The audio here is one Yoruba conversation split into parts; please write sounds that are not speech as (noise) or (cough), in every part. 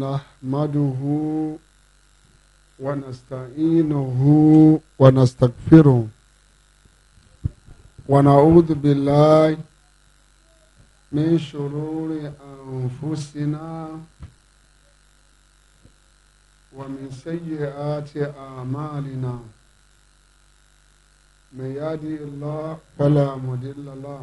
نحمده ونستعينه ونستغفره ونعوذ بالله من شرور أنفسنا ومن سيئات أعمالنا من يهده الله فلا مضل له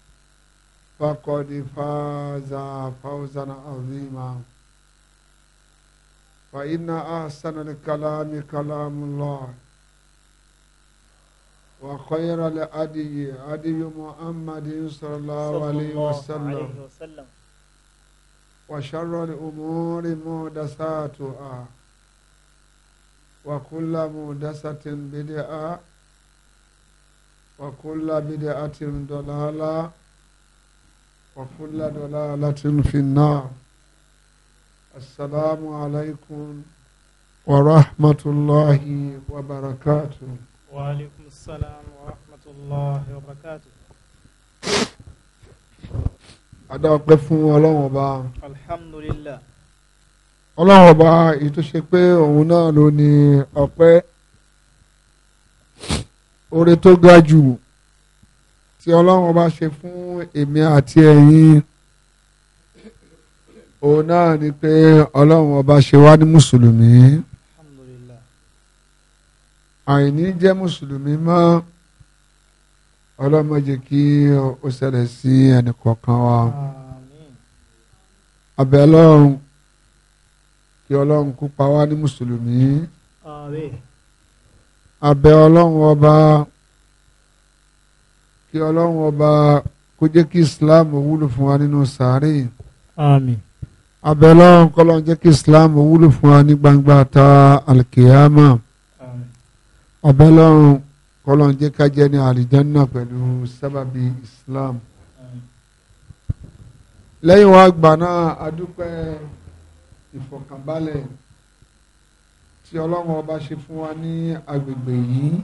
فقد فاز فوزا عظيما فإن أحسن الكلام كلام الله وخير الأدي أدي محمد صلى الله عليه وسلم وشر الأمور مودساتها وكل مودسة بدعة وكل بدعة ضلالة وكل ضلالة في النار السلام عليكم ورحمة الله وبركاته وعليكم السلام ورحمة الله وبركاته adáwọ̀pẹ́ fún ọlọ́run ọba. alhamdulillah. ọlọ́run ọba ìtúnṣe pé òun náà ló ní ọpẹ́ oore tó ga jù tí ọlọ́run ọba ṣe fún èmi àti ẹ̀yin òun náà ni pé ọlọ́run ọba ṣe wá ní mùsùlùmí àìní jẹ́ mùsùlùmí mọ́ ọlọ́mọdé kí ó ṣẹlẹ̀ sí ẹnìkọ̀ọ̀kan wa abẹ́ ọlọ́run kí ọlọ́run kó pa wá ní mùsùlùmí abẹ́ ọlọ́run ọba kí ọlọ́run ọba kó jẹ́ kí islam wúlò fún wa nínú sàárè. àmín. abẹ́lọ́run kọ́lọ́run jẹ́ kí islam wúlò fún wa ní gbangba ta alkiyama. àmín. abẹ́lọ́run kọ́lọ́run jẹ́ ká jẹ́ ní àlìjánná pẹ̀lú sábàbí islam. lẹ́yìn wa gbà náà adúpẹ́ ìfọ̀kànbalẹ̀ tí ọlọ́run ọba ṣe fún wa ní agbègbè yìí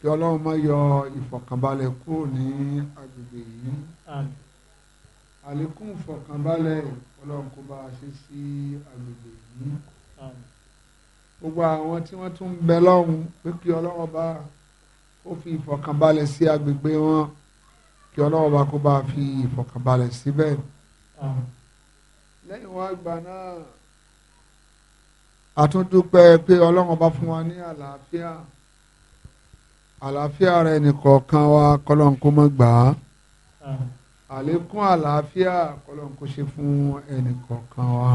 kí ọlọ́run má yọ ìfọ̀kànbalẹ̀ kúrò ní agbègbè yìí àlékún ìfọ̀kànbalẹ̀ ọlọ́run kó bá a ṣe sí agbègbè yìí gbogbo àwọn tí wọ́n tún ń bẹ lọ́hùn pé kí ọlọ́run bá ó fi ìfọ̀kànbalẹ̀ sí agbègbè wọn kí ọlọ́run bá kó bá a fi ìfọ̀kànbalẹ̀ síbẹ̀ lẹ́yìn wọn àgbà náà a pé ọlọ́run bá fún wa ní àlàáfíà àlàáfíà ara ẹnì kọ̀ọ̀kan wa kọ́lọ́n kó mọ́ gbà á àlékún àlàáfíà kọ́lọ́n kó ṣe fún ẹnì kọ̀ọ̀kan wa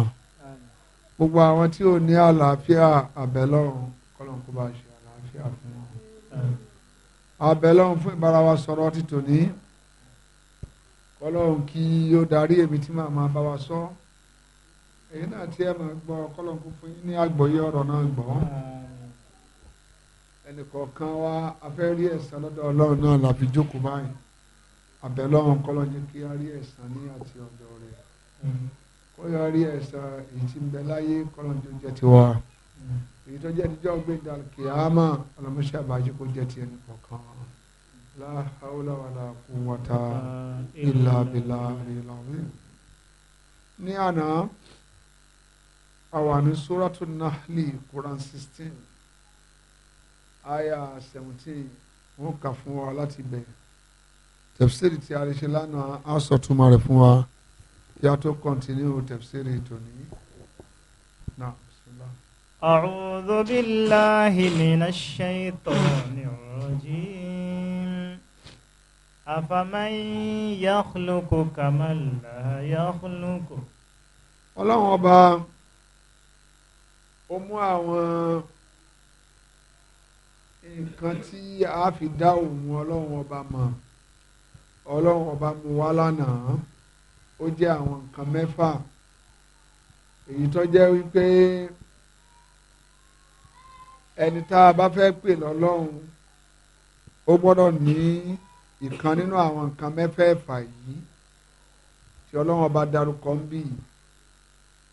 gbogbo àwọn tí ò ní àlàáfíà àbẹ̀lọ́run kọ́lọ́n kó bá ṣe àlàáfíà fún wọn àbẹ̀lọ́run fún ìbára wa sọ̀rọ̀ ti tòní kọ́lọ́n kí ó darí èmi tí màá bá wa sọ èyí náà tí ẹ máa gbọ́ kọ́lọ́n fún yín ní àgbọ́yé ọ̀rọ̀ náà gbọ́ ẹnìkọ̀ọ̀kan wa afẹ́ rí ẹ̀san lọ́dọ̀ ọlọ́run náà la fi jókòó báyìí àbẹ̀lọ́run kọ́lọ́jẹ́ kí a rí ẹ̀san ní àti ọ̀dọ̀ rẹ̀ kọ́lọ́ rí ẹ̀san èyí tí ń bẹ láyé kọ́lọ́jẹ́ jẹ́ tiwa èyí tó jẹ́ níjọ́ gbẹ̀dà kìámà ọlọ́mọṣẹ́ àbájú kó jẹ́ ti ẹnìkọ̀ọ̀kan la haula wala quwwata illa billahi al-azim ní àná àwa ní sóràtún Nahli sixteen aya seventeen wọ́n kà fún wa láti bẹ̀rẹ̀ tẹ̀fsíìrì tí a lè ṣe lánàá fún wa yá tó kọ́ntínú tẹ̀fsíìrì أعوذ بالله من الشيطان الرجيم أفمن يخلق كمن لا يخلق ọlọ́run ọba ó nǹkan tí a fi dá òun ọlọ́run ọba mọ̀ ọlọ́run ọba mu wá lánàá ó jẹ́ àwọn nǹkan mẹ́fà èyí tó jẹ́ wípé ẹni tá a bá fẹ́ pè lọ́lọ́run ó gbọ́dọ̀ ní ìkan nínú àwọn nǹkan mẹ́fẹ̀ẹ̀fà yìí tí ọlọ́run ọba darúkọ ń bì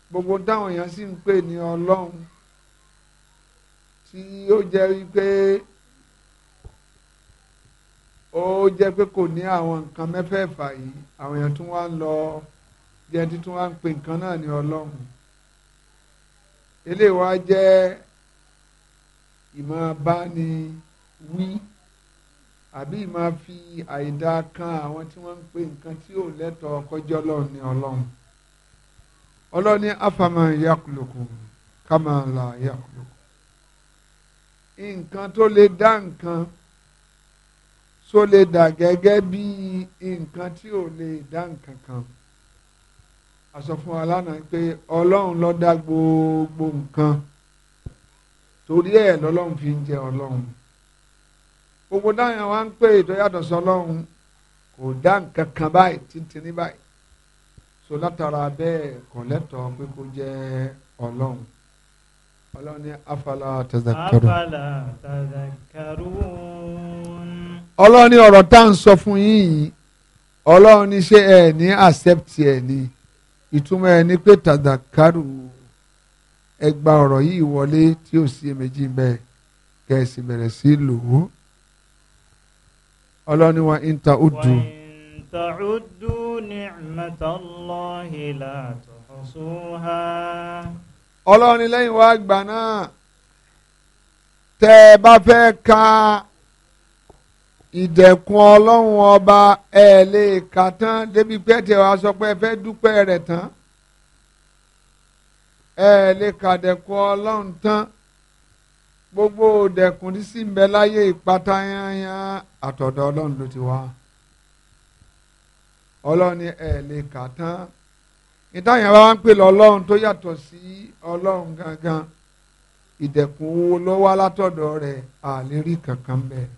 gbogbo táwọn èèyàn sì ń pè ní ọlọ́run tí ó jẹ́ wípé ó jẹ́ pé kò ní àwọn nǹkan mẹ́fẹ̀ẹ̀fà yìí àwọn èèyàn tún wá ń lọ bí ẹni tún wá ń pe nǹkan náà ní ọlọ́run eléyìí wá jẹ́ ìmọ̀ bá ní wí àbí máa fi àìdá kan àwọn tí wọ́n ń pe nǹkan tí ò lẹ́tọ̀ọ́ kọjọ́ lọ́run ní ọlọ́run ọlọ́run ní afama yakuluku kama la nǹkan tó lè dá nǹkan tó lè dà gẹ́gẹ́ bí nǹkan tí ò lè dá nǹkan kan a sọ fún wa lánàá pé ọlọ́run ló dá gbogbo nǹkan torí ẹ̀ lọ́lọ́run fi ń jẹ ọlọ́run gbogbo dáhùn wa ń pè tó yàtọ̀ sọlọ́run kò dá nǹkan kan báyìí tíntìní báyìí so látara bẹ́ẹ̀ kò lẹ́tọ̀ọ́ pé kó jẹ́ ọlọ́run ọlọ́run ní afala tazakaru. afala tazakaru. ọlọ́run ní ọ̀rọ̀ tá à ń sọ fún yín yìí ọlọ́run ní ṣé ẹ ní accept ẹ ní ìtumọ̀ ẹ ní pé tazakaru ẹ ọ̀rọ̀ yìí wọlé tí ò sí èméjì bẹ́ẹ̀ kẹ́ bẹ̀rẹ̀ sí lò ó ọlọ́run wa ń ta ó dùn. تعدوا نعمة الله لا تحصوها ọlọ́run ni lẹ́yìn wá gbà náà tẹ́ ẹ bá fẹ́ ka ìdẹ̀kùn ọlọ́run ọba ẹ lè kà tán débi pé tẹ wàá sọ pé ẹ fẹ́ dúpẹ́ rẹ̀ tán ẹ lè kà dẹ̀kùn ọlọ́run tán gbogbo dẹ̀kùn tí sì ń bẹ láyé ìpátá yányán àtọ̀dọ̀ ọlọ́run ló ti wá ọlọ́run ní ẹ lè kà tán. ìtàn yẹn bá wá ń pè lọ ọlọ́run tó yàtọ̀ sí ọlọ́run gangan ìdẹ̀kùn owó ló wá látọ̀dọ̀ rẹ̀ àlérí kankan bẹ́ẹ̀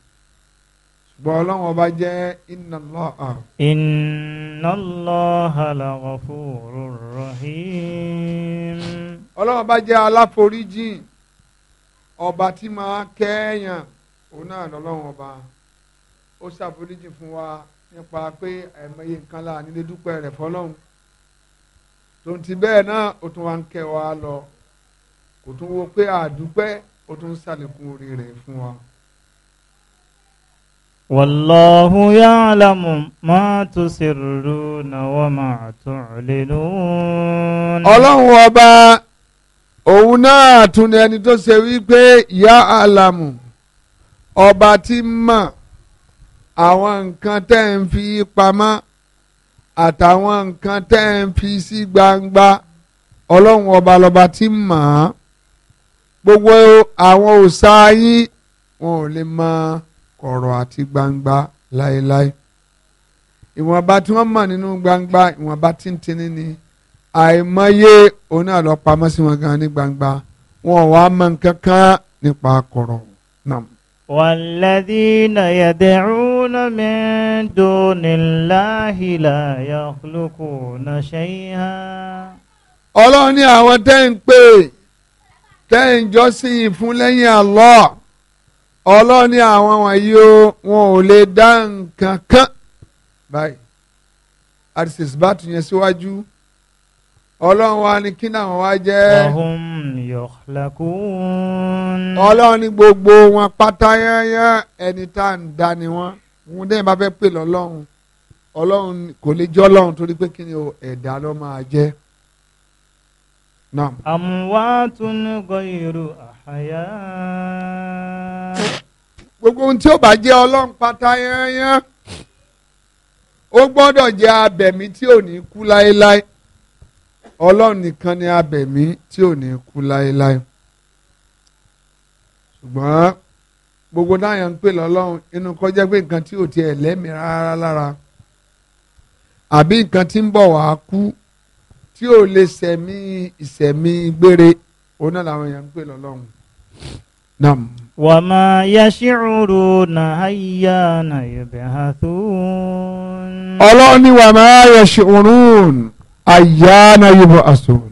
ṣùgbọ́n ọlọ́run ọba jẹ́ inna Allah. rahim. ọlọ́run ọba jẹ́ aláforíjìn ọba tí máa òun náà lọ́lọ́run ọba ó fún wa nípa pé nǹkan tonti bẹ́ẹ̀ náà o tún wá ń kẹ́ wa lọ kò tún wo pé àdúpẹ́ o tún ṣàlékún orí rẹ̀ fún wa. Wallahu ya'lamu ma tusirruna wa ma tu'linun. Ọlọ́run ọba òun náà tún ni ẹni tó ṣe wípé ya'lamu ọba tí ń àwọn nǹkan tẹ́ ń fi pamọ́ àtàwọn nǹkan tẹ́ ń fi sí gbangba ọlọ́run ọba lọ́ba tí mọ̀ ọ́n gbogbo àwọn òòṣà yín wọn ò lè mọ ọ̀rọ̀ àti gbangba láéláé ìwọ̀nba tí wọ́n mọ̀ nínú gbangba ìwọ̀nba tíntìní ni àìmọye òun náà sí wọn gan ní gbangba wọn ò wá mọ nǹkan kan nípa kọ̀rọ̀ náà. والذين يدعون يدعون من دون الله لا يخلقون شيئا ọlọ́run ní àwọn tẹ́ ń pè tẹ́ ń jọ́sìn fún lẹ́yìn Allah ọlọ́run ní àwọn wọ̀nyí o wọn ò lè dá nǹkan kan báyìí àdìsísì bá tún yẹn síwájú ọlọ́run wa ni kí náà wá jẹ́. wahum gbogbo wọn pátá yányán ẹni tá à ń dá ni wọ́n òun dẹ́yìn bá fẹ́ pè lọ́lọ́run ọlọ́run kò lè jọ́ ọlọ́run torí pé kí o ẹ̀dá ló máa jẹ́. àmúwátún gọ̀yìrù àhàyà. gbogbo ohun tí ó bá jẹ́ ọlọ́run pátá yányán ó gbọ́dọ̀ jẹ́ abẹ̀mí tí ò ní kú láéláé ọlọ́run nìkan ni abẹ̀mí tí ò ní kú láéláé ṣùgbọ́n gbogbo dáhùn ń pè lọ́lọ́run inú kọjá pé nǹkan tí ò tiẹ̀ lẹ́mìí rárá lára àbí nǹkan tí ń bọ̀ wá kú tí ò lè sẹ̀mí ìsẹ̀mí gbére òun náà làwọn èèyàn ń pè lọ́lọ́run nam. wa ma yash'uruna ayyana yub'athun. ọlọ́run ni wa ma yash'urun ayyana yub'athun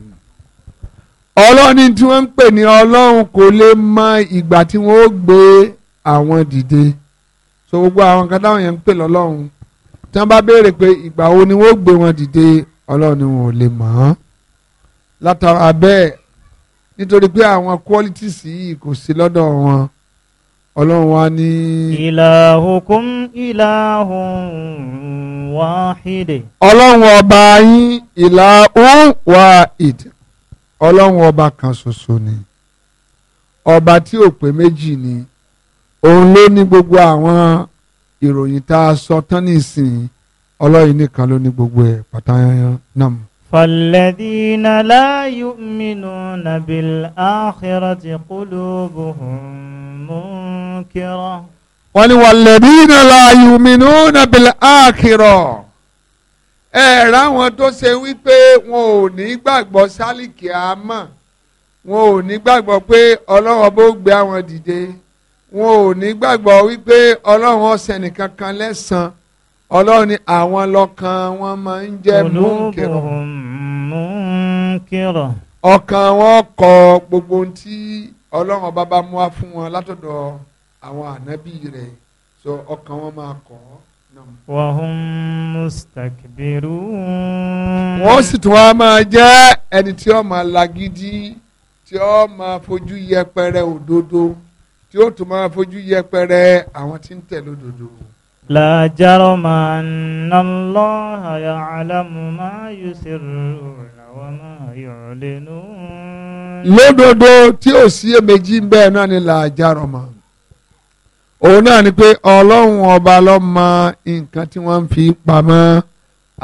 ọlọ́run tí wọ́n ń pè ní ọlọ́run kò lè mọ ìgbà tí wọ́n ó gbé àwọn dìde so gbogbo àwọn kan táwọn yẹn ń pè lọ́lọ́run tí wọ́n bá béèrè pé ìgbà wo ni wọ́n gbé wọn dìde ọlọ́run ni wọn ò lè mọ̀ ọ́n látara bẹ́ẹ̀ nítorí pé àwọn qualities yìí kò sí lọ́dọ̀ wọn ọlọ́run wa ní. ilahukum ilahun wáhídè. ọlọ́run ọba yín ìlàhùn wáhídè ọlọ́run ọba kan ṣoṣo ni ọba tí ò pé méjì ni òun ló ní gbogbo àwọn ìròyìn tá a sọ tán nísìnyí ọlọ́yin nìkan ló ní gbogbo ẹ̀ pàtàyàn náà. فالذين لا يؤمنون بالآخرة قلوبهم منكرة wọ́n ní والذين لا يؤمنون بالآخرة ẹ ráwọn tó ṣe wípé wọn ò ní gbàgbọ́ sálìkì àmọ́ wọn ò ní gbàgbọ́ pé Ọlọ́run bó gbé àwọn dìde wọn ò ní gbàgbọ́ wípé ọlọ́run ọ̀sẹ̀ nìkan kan lẹ́sàn ọlọ́run ni àwọn lọ́kàn wọn máa ń jẹ́ múnkìrọ̀ ọkàn wọn kọ gbogbo tí ọlọ́run ọba bá mú wá fún wọn látọ̀dọ̀ àwọn ànábì rẹ̀ so ọkàn wọn máa kọ̀ ọ́. wàhùn mustakbiru. wọ́n sì tún wá máa jẹ́ ẹni tí ó máa lagídí tí ó máa fojú yẹpẹrẹ òdodo tí ó tún máa fojú yẹpẹrẹ àwọn tí ń tẹ̀lé òdodo. La jarama anna Allaha ya'lamu ma yusirruna wa ma yu'linun. Lódodo tí ò sí èméjì ń bẹ́ẹ̀ náà ni la jarama. Òun náà ni pé Ọlọ́run ọba ló mọ nǹkan tí wọ́n ń fi pamọ́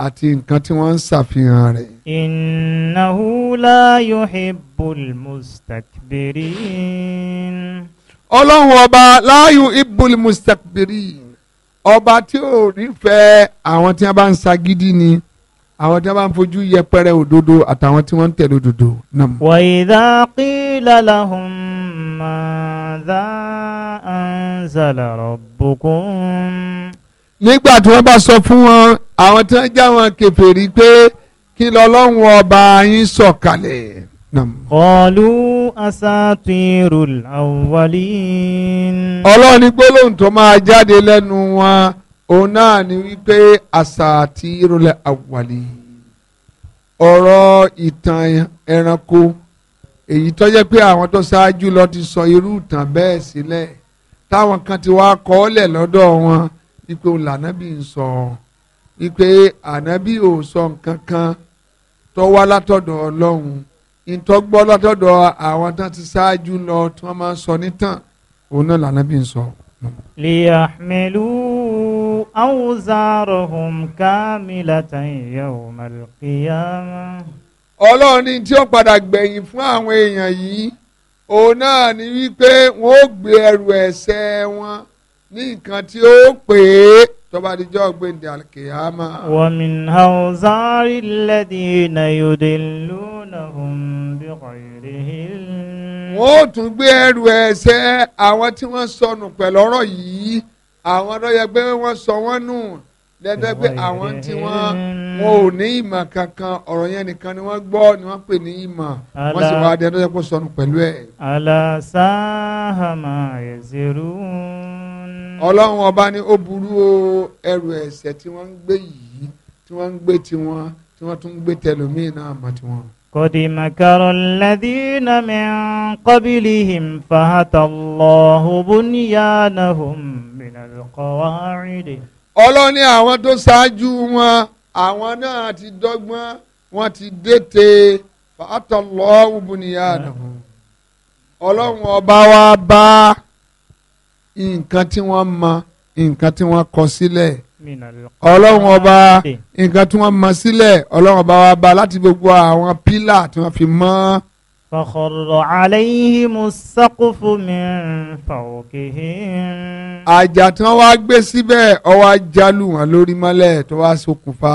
àti nǹkan tí wọ́n ń ṣàfihàn rẹ̀. Innahu la yuhibbul mustakbirin ọlọ́run ọba láàyò ibùl mustakbiri ọba tí ò nífẹ̀ẹ́ àwọn tí wọ́n bá ń ṣagídí ni àwọn tí wọ́n bá ń fojú yẹpẹrẹ òdodo àtàwọn tí wọ́n ń tẹ̀lé òdodo náà. wa idha qila lahum madha anzala rabbukum. nígbà tí wọ́n bá sọ fún wọn àwọn tí wọ́n já wọn kèfèrí pé kí lọ́lọ́run ọba yín sọ̀kalẹ̀. Nam. Qalu asatirul awwalin. Ọlọ́run ní gbólóhùn tó máa jáde lẹ́nu wọn, òun náà ni wípé asatirul awwalin. Ọ̀rọ̀ ìtàn ẹranko èyí tó jẹ́ pé àwọn tó ṣáájú lọ ti sọ irú ìtàn bẹ́ẹ̀ sílẹ̀ táwọn kan ti wá kọ́ ọ́ lẹ̀ lọ́dọ̀ wọn wípé òun lànàbí ń sọ wípé ànábì ò sọ nǹkan kan tó wá látọ̀dọ̀ Ọlọ́run ntọ́gbọ́ látọ̀dọ̀ àwọn tán ti ṣáájú lọ tí wọ́n máa ń sọ nítàn òun náà lànà bí n sọ. liyahmilu awzarahum kamilatan yawmal qiyamah. ọlọ́run ní tí ó padà gbẹ̀yìn fún àwọn èèyàn yìí òun náà ni wípé wọ́n ó gbé ẹrù ẹ̀ṣẹ̀ wọn ní nǹkan tí ó pè é tọba adijọ́ gbẹ̀ndé alikiyama. wàmín hauzari lẹ́dínà yudillunahum bighayri ilm. wọ́n ó tún gbé ẹrù ẹ̀ṣẹ̀ àwọn tí wọ́n sọnù pẹ̀lú ọ̀rọ̀ yìí àwọn lọ́yẹ pé wọ́n sọ wọ́n nù lẹ́dọ̀ pé àwọn tí wọ́n wọn ò ní ìmọ̀ kankan ọ̀rọ̀ yẹn nìkan ni wọ́n gbọ́ ni wọ́n pè ní ìmọ̀ wọ́n sì wá dé ẹ̀dọ́ yẹ sọnù pẹ̀lú ẹ̀. alasaahama yẹ̀sẹ̀rù ọlọ́run ọba ní ó burú o ẹrù ẹ̀ṣẹ̀ tí wọ́n ń gbé yìí tí wọ́n ń gbé tiwọn tí wọ́n tún ń gbé tẹlòmíì náà mọ̀ tiwọn. kòdì màkàrọ̀ lẹ́dínà mi ń kọ́bìlì hìm fàhátà lọ́hùn bóníyàna hùm mìnàlùkọ́ wáhárìndè. ọlọ́ni àwọn tó ṣáájú wọn àwọn náà ti dọ́gbọ́n wọ́n ti dètè fàhátà lọ́hùn bóníyàna hùm ọlọ́run ọba wa bá. Ba nǹkan tí wọ́n mọ nǹkan tí wọ́n kọ sílẹ̀ ọlọ́run ọba nǹkan tí wọ́n mọ sílẹ̀ ọlọ́run ọba wa ba láti gbogbo àwọn pílà tí wọ́n fi mọ́ فخر عليهم السقف من فوقهم. àjà tí wọ́n wá gbé síbẹ̀ ó wá jálù wọn lórí mọ́lẹ̀ tó wá ṣokùnfà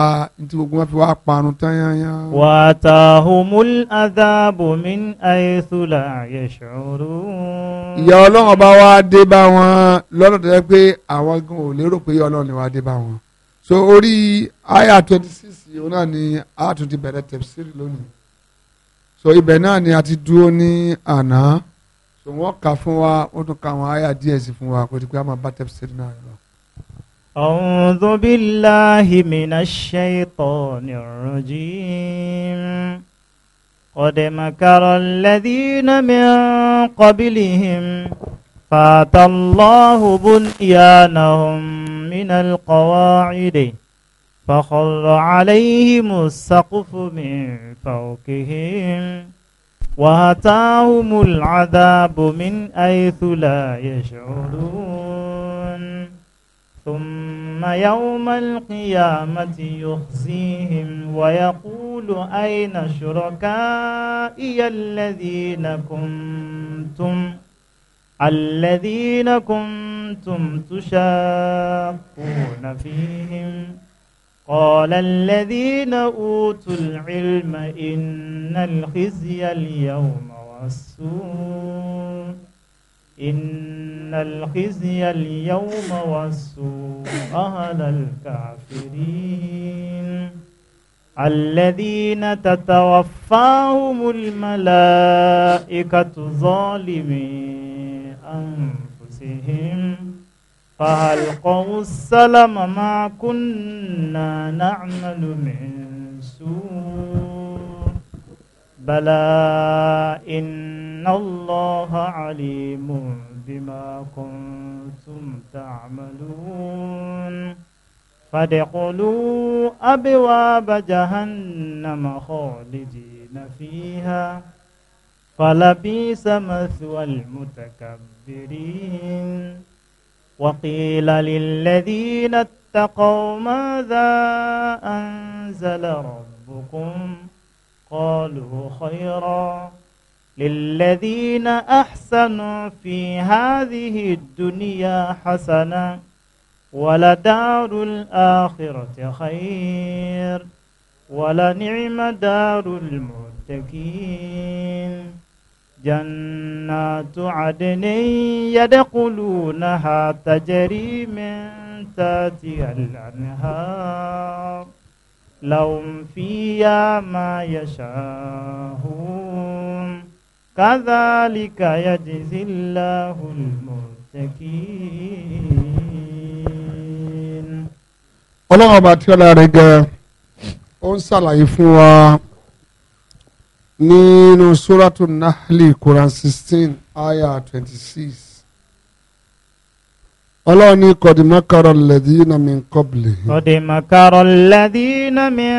tí gbogbo wọn fi wá parun tán yányán. wàtàhùmùl adáàbò min haythu la yash'urun. ìyà ọlọ́run bá wá dé bá wọn lọ́nà tó yẹ pé àwọn gan ò lérò pé ọlọ́run ni wá dé bá wọn. so orí àyà twenty six yìí ó náà ni a tún ti bẹ̀rẹ̀ tẹ̀síìrì lónìí so ibẹ̀ náà ni a ti dúró ní àná so wọ́n kà fún wa wọ́n tún ka àwọn àyà díẹ̀ sí fún wa kó ti pé a máa bá tẹ́pù sẹ́dí náà lọ. A'udhu billahi minash shaytanir rajim. Qad makara alladhina min qablihim. Fatallahu bunyanahum minal qawa'idi. فخر عليهم السقف من فوقهم وأتاهم العذاب من حيث لا يشعرون ثم يوم القيامة يخزيهم ويقول أين شركائي الذين كنتم الذين كنتم تشاقون فيهم قال الذين أوتوا العلم إن الخزي اليوم والسوء إن الخزي اليوم والسوء أهل الكافرين الذين تتوفاهم الملائكة ظالمي أنفسهم فألقوا السلام ما كنا نعمل من سوء بلى إن الله عليم بما كنتم تعملون فادخلوا أبواب جهنم خالدين فيها فلبيس مثوى المتكبرين وقيل للذين اتقوا ماذا أنزل ربكم قالوا خيرا للذين أحسنوا في هذه الدنيا حسنة ولدار الآخرة خير ولنعم دار المتقين جنات عدن يدخلونها تجري من تحتها الأنهار لهم فيها ما يشاءون كذلك يجزي الله المتقين ọlọ́run ọba tí ọlá rẹ̀ gan ó ń ṣàlàyé fún wa nínú suratu nahli quran sixteen aya twenty six ọlọ́run ní kọ̀dìmọ́kàrọ̀ lẹ́dínà min kọ́bìlì. kọ̀dìmọ́kàrọ̀ lẹ́dínà min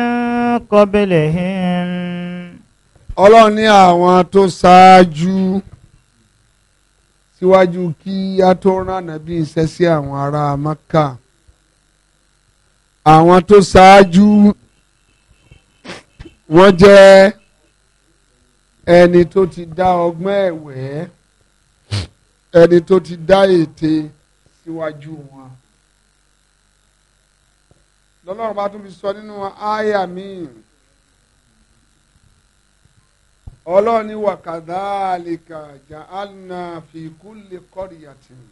kọ́bìlì. àwọn tó ṣáájú síwájú kí a tó rán ànábì iṣẹ́ sí àwọn ará maka àwọn tó wọ́n ẹni tó ti dá ọgbọ́n ẹ̀wẹ́ ẹni tó ti dá ète síwájú wọn. lọ́lọ́run bá tún fi sọ nínú àyà míì ọlọ́ọ̀ni wa kadhalika ja'alna fi kulli qaryatin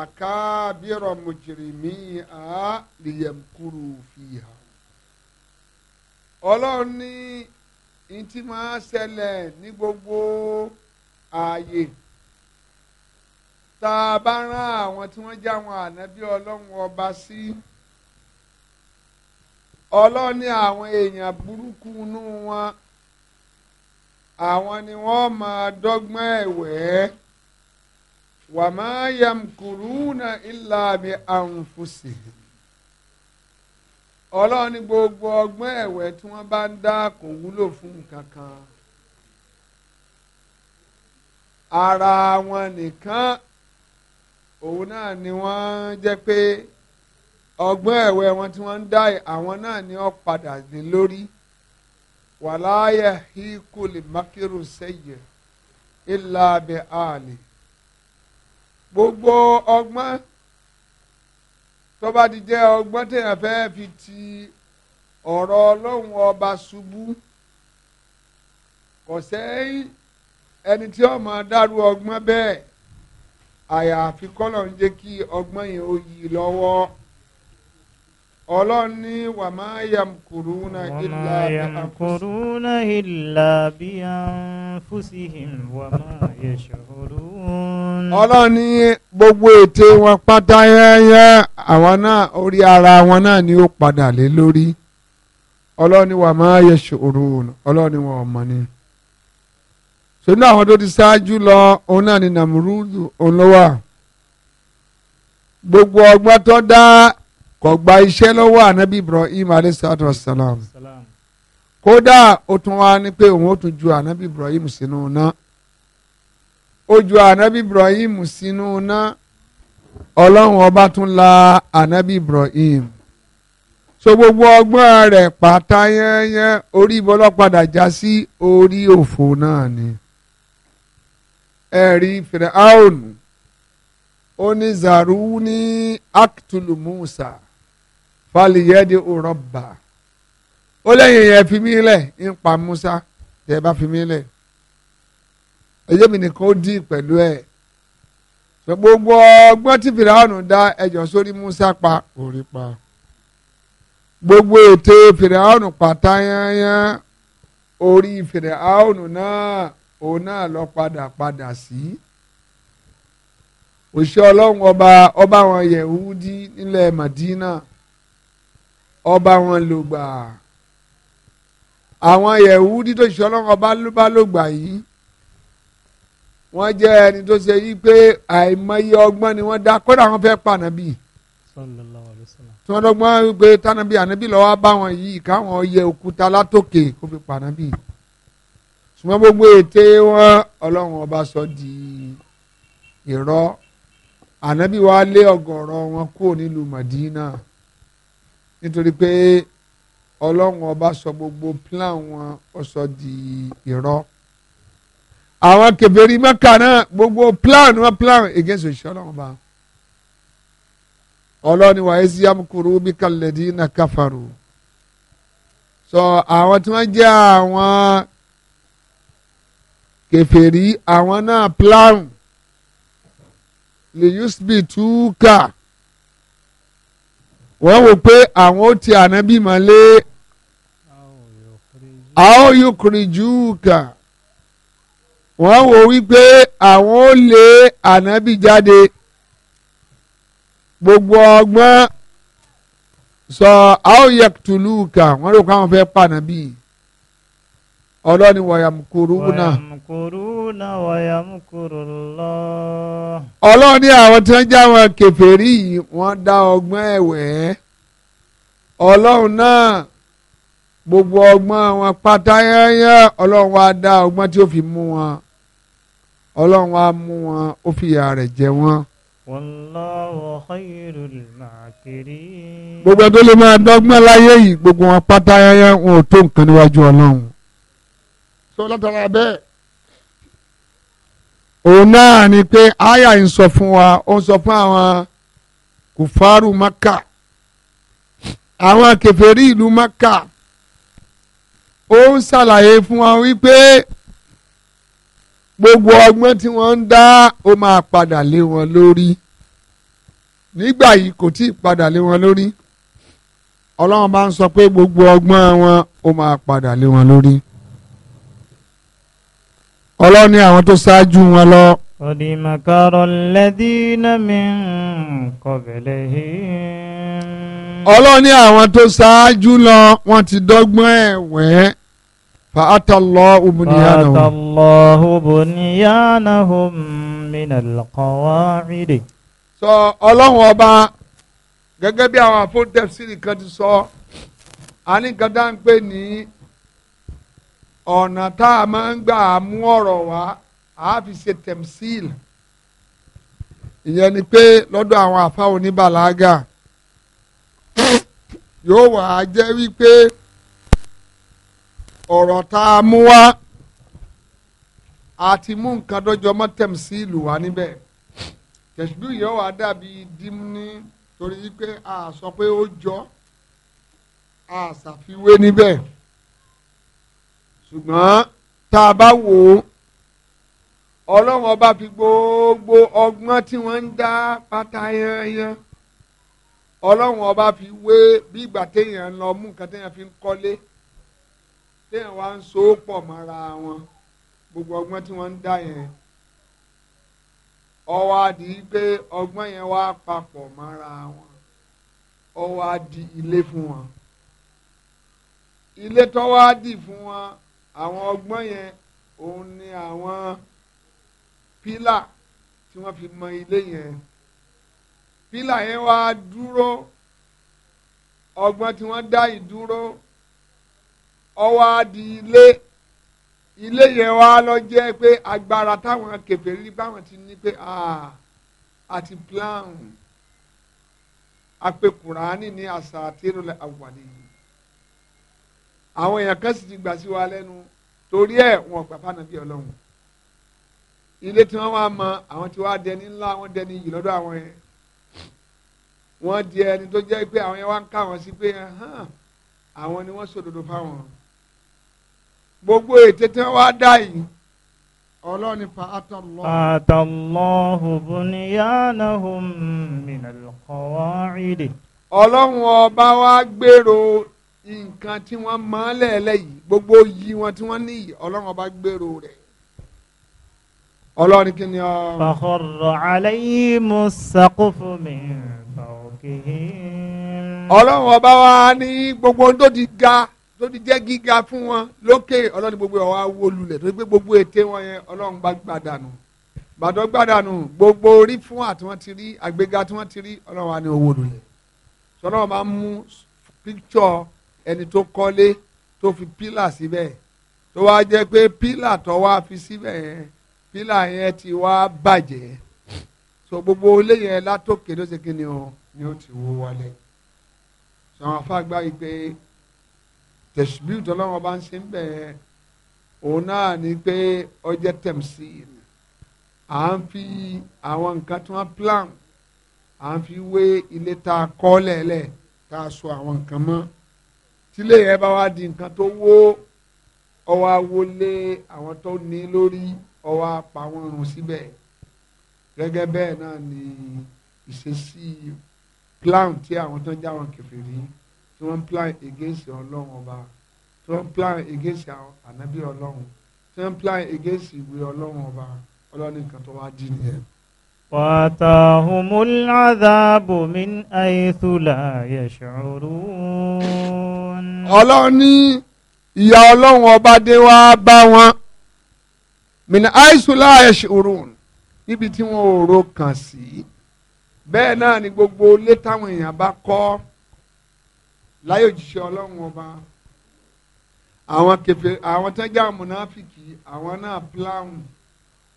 akabira mujrimiha liyamkuru fiha ọlọ́ọ̀ni ní tí máa ṣẹlẹ̀ ní gbogbo ààyè tá a bá rán àwọn tí wọ́n jẹ́ àwọn ànábí ọlọ́run ọba sí ọlọ́ni àwọn èèyàn burúkú inú wọn àwọn ni wọ́n máa dọ́gbọ́n ẹ̀wẹ́ wàmáyàmkùrúnà ìlàbí àǹfùsì. ọlọ́run ní gbogbo ọgbọ́n ẹ̀wẹ̀ tí wọ́n bá ń dá kò wúlò fún nǹkan kan ara wọn nìkan òun náà ni wọ́n jẹ́ pé ọgbọ́n ẹ̀wẹ̀ wọn tí wọ́n ń dá àwọn náà ni wọ́n padà dé lórí wàláyà híkùlì mákìrù sẹ́yẹ̀ ìlà abẹ́ àlè gbogbo ọgbọ́n. tó bá ti jẹ́ ọgbọ́n fi ti ọ̀rọ̀ ọlọ́run ọba ṣubú kò sẹ́yìn ẹni tí ó dárú ọgbọ́n bẹ́ẹ̀ àyàfi kọ́lọ̀ ń jẹ́ kí ọgbọ́n yẹn wà ọlọ́run ní gbogbo ète wọn pátá yẹ́yẹ́ àwọn náà orí ara wọn náà ni ó padà lé lórí ọlọ́run wà máa yẹ ṣòro ọlọ́run ọmọ ni. sódì àwọn tó ti ṣáájú lọ òun náà ni nàmúrúdù òun gbogbo ọgbọ́n tó dá kò gba iṣẹ́ lọ́wọ́ ànábì Ibrahim salam kódà ju ànábì Ibrahim sínú náà. ojú anabi Ibrahim sínú iná ọlọ́run ọba tún la ànábì Ibrahim so gbogbo ọgbọ́n rẹ̀ pátá yẹ́nyẹ́n orí ibo lọ́padà já sí orí òfò náà ni ẹ̀rí fìrẹ́hàùnù ó ní zaru ní aktulu Musa faliyẹ́dì òrọ̀bà ó lẹ́yìn yẹn fi mí lẹ̀ ń pa Musa tẹ́ ẹ bá fi mí lẹ̀ ẹ̀jẹ̀ mi nìkan ó dì pẹ̀lú ẹ̀ gbogbo ọgbọ́n tí fìràwọ̀nù dá ẹjọ́ sórí Musa pa orí pa gbogbo ète fìràwọ̀nù pàtà yányán orí fìràwọ̀nù náà òun náà lọ padà padà sí òṣìṣẹ́ ọlọ́run ọba ọba wọn Yẹ̀húdí nílẹ̀ Madina ọba wọn ló gbà àwọn Yẹ̀húdí tó ṣiṣẹ́ ọlọ́run ọba ló bá ló gbà yìí wọ́n jẹ́ ẹni tó ṣe yí pé àìmọye ọgbọ́n ni wọ́n dá kódà wọ́n fẹ́ pa ànábì tí wọ́n dọ́gbọ́n wípé tànàbí ànábì lọ́wọ́ bá wọn yìí káwọn yẹ òkúta látòkè kó fi pa ànábì ṣùgbọ́n gbogbo ète wọn ọlọ́run ọba sọ di irọ́ ànábì wa lé ọ̀gọ̀rọ̀ wọn kúrò nílùú Madina nítorí pé ọlọ́run ọba sọ gbogbo plan wọn ó sọ di irọ́ àwọn kèfèrí Mẹ́kà náà gbogbo plan wọn plan against òṣìṣẹ́ ọlọ́run bá ọlọ́ni wa ẹ̀sì yamkuru bí kàlẹ́dì iná káfàrú sọ àwọn tí wọ́n jẹ́ àwọn kèfèrí àwọn náà plan lè yusbi túkà wọ́n wò pé àwọn ó ti ànábì mọ́lé àwọn yóò kiri júùkà wọ́n wò wípé àwọn ó lé ànábì jáde gbogbo ọgbọ́n sọ aoyek tuluka wọ́n rò káwọn fẹ́ pa ànábì ọlọ́ni wàyàmùkúrú náà. wàyàmùkúrú náà wàyàmùkúrú lọ. ọlọ́ni àwọn tí wọ́n já wọn kèfèrí yìí wọ́n dá ọgbọ́n ẹ̀wẹ́ ọlọ́run náà gbogbo ọgbọ́n wọn pátá yányán ọlọ́run wa dá ọgbọ́n tí ó fi mú wọn ọlọ́run á mú wọn ó fìyà rẹ̀ jẹ wọ́n. Wallahu khairul makirin. gbogbo ẹni tó lè máa dọ́gbọ́n láyé yìí gbogbo wọn pátá yẹn wọn ò tó nǹkan níwájú ọlọ́run. sọ látara bẹ́ẹ̀ òun náà ni pé aya ń sọ fún wa ó ń sọ fún àwọn kùfárù maka àwọn kèfèrí ìlú maka ó ń ṣàlàyé fún wa wípé gbogbo ọgbọ́n tí wọ́n ń dá ó máa padà lé wọn lórí nígbà yìí kò tí ì padà lé wọn lórí ọlọ́run bá ń sọ pé gbogbo ọgbọ́n wọn ó máa padà lé wọn lórí ọlọ́run ní àwọn tó ṣáájú wọn lọ. qad makara alladhina min qablihim. ọlọ́run ní àwọn tó ṣáájú lọ wọ́n ti dọ́gbọ́n ẹ̀wẹ́. فأتى الله بنيانهم فأتى الله بنيانهم من القواعد sọ ọlọ́run ọba gẹ́gẹ́ bí àwọn àfọ́tẹ́sìrì kan ti sọ a ní nǹkan ń pè ní ọ̀nà tá a máa ń gbà mú ọ̀rọ̀ wá a fi ṣe tẹ̀msíìl ìyẹn ni pé lọ́dọ̀ àwọn àfa oníbàlágà yóò wà á jẹ́ ọ̀rọ̀ tá a mú wá àti mú nǹkan dọ́jọ́ mọ́tẹ̀m sí ìlú wa níbẹ̀ tẹ̀sídú yìí wà dàbí dìmú ní torí wípé a sọ pé ó jọ a ṣàfiwé níbẹ̀ ṣùgbọ́n tá a bá wò ó ọlọ́run ọba fi gbogbo ọgbọ́n tí wọ́n ń dá pátá yanyan ọlọ́run ọba fi wé bí ìgbà téèyàn lọ mú nǹkan téèyàn fi ń kọ́lé téèyàn wá ń so pọ̀ mọ́ra wọn gbogbo ọgbọ́n tí wọ́n ń dá yẹn ó wá di pé ọgbọ́n yẹn wá papọ̀ mọ́ra wọn ó wá di ilé fún wọn ilé tó wá dì fún wọn àwọn ọgbọ́n yẹn òun ni àwọn pílà tí wọ́n fi mọ ilé yẹn pílà yẹn wá dúró ọgbọ́n tí wọ́n dá ìdúró ọwọ́ á di ilé ilé yẹn wá lọ jẹ́ pé agbára táwọn kèfèrí rí báwọn ti ní pé àti plan àpè kùránì ní àṣà àtẹ́rọ̀lẹ̀ àwàlẹ̀ yìí àwọn èèyàn kan sì ti gbà sí wa lẹ́nu torí ẹ̀ wọn gbà fáwọn bí ọlọ́run ilé tí wọ́n wá mọ àwọn tí wọ́n á dẹni ńlá wọ́n dẹni yìí lọ́dọ̀ àwọn yẹn wọ́n di ẹni tó jẹ́ pé àwọn yẹn wá ń ká wọn sí pé àwọn ni wọ́n sòdodo fáwọn gbogbo ètè tí wọ́n wá dá yìí ọlọ́ni fa atalọ́. atalọ́hu bunyanahum minal qawaidi. ọlọ́run ọba wa gbèrò nǹkan tí wọ́n máa lẹ́ẹ̀lẹ́ yìí gbogbo yìí wọn tí wọ́n níyì ọlọ́run ọba gbèrò rẹ̀ ọlọ́run kí ni ọ. fàkọrọ aláyé mùsàkófò mi fàókè. ọlọ́run ọba wa ní gbogbo ohun tó ti ga tó ti jẹ́ gíga fún wọn lókè ọlọ́ni gbogbo ọ̀wá wó lulẹ̀ tó ti pé gbogbo ète wọn yẹn ọlọ́run bá gbàdànù gbàdọ́ gbàdànù gbogbo orí fún àti wọn ti rí àgbéga tí wọn ti rí ọlọ́run wa ni owó lulẹ̀ sọlọ́run máa ń mú píkítsọ̀ ẹni tó kọ́lé tó fi pílà síbẹ̀ tó wá jẹ́ pé pílà tó wá fi síbẹ̀ yẹn pílà yẹn ti wá bàjẹ́ so gbogbo ilé yẹn látòkè ló ṣe kí ni o ni ó ti wó wọlé sọ̀rọ̀ fàgbà tẹ̀síbíù tọ́lọ́wọ́n bá ń ṣe ń bẹ̀ yẹn òun náà ni pé ọjẹ́ tẹ̀mísì à ń fi àwọn nǹkan tí wọ́n plan à ń fi wé ilé tá a kọ́ lẹ́lẹ̀ tá a sọ àwọn nǹkan mọ́ tílé yẹn bá wá di nǹkan tó wó ọwọ́ awolé àwọn tó ní lórí ọwọ́ apá wọn rùn síbẹ̀ gẹ́gẹ́ bẹ́ẹ̀ náà ni ìṣesí plan tí àwọn tó ń já wọn tí wọ́n ń plan against ọlọ́run ọba tí wọ́n ń plan against ànábì ọlọ́run tí wọ́n ń plan against ìwé ọlọ́run ọba ọlọ́run nìkan tó wá jí nìyẹn. واتاهم العذاب من حيث لا يشعرون. ọlọ́run ní ìyà ọlọ́run ọba dé wá bá wọn min aisu la yashurun níbi tí wọn ò ro kàn sí bẹ́ẹ̀ náà ni gbogbo ilé táwọn èèyàn bá kọ́ láyé òjíṣẹ́ ọlọ́run ọba àwọn kẹfẹ àwọn tẹ́jà mùnáfìkì àwọn náà pláwùn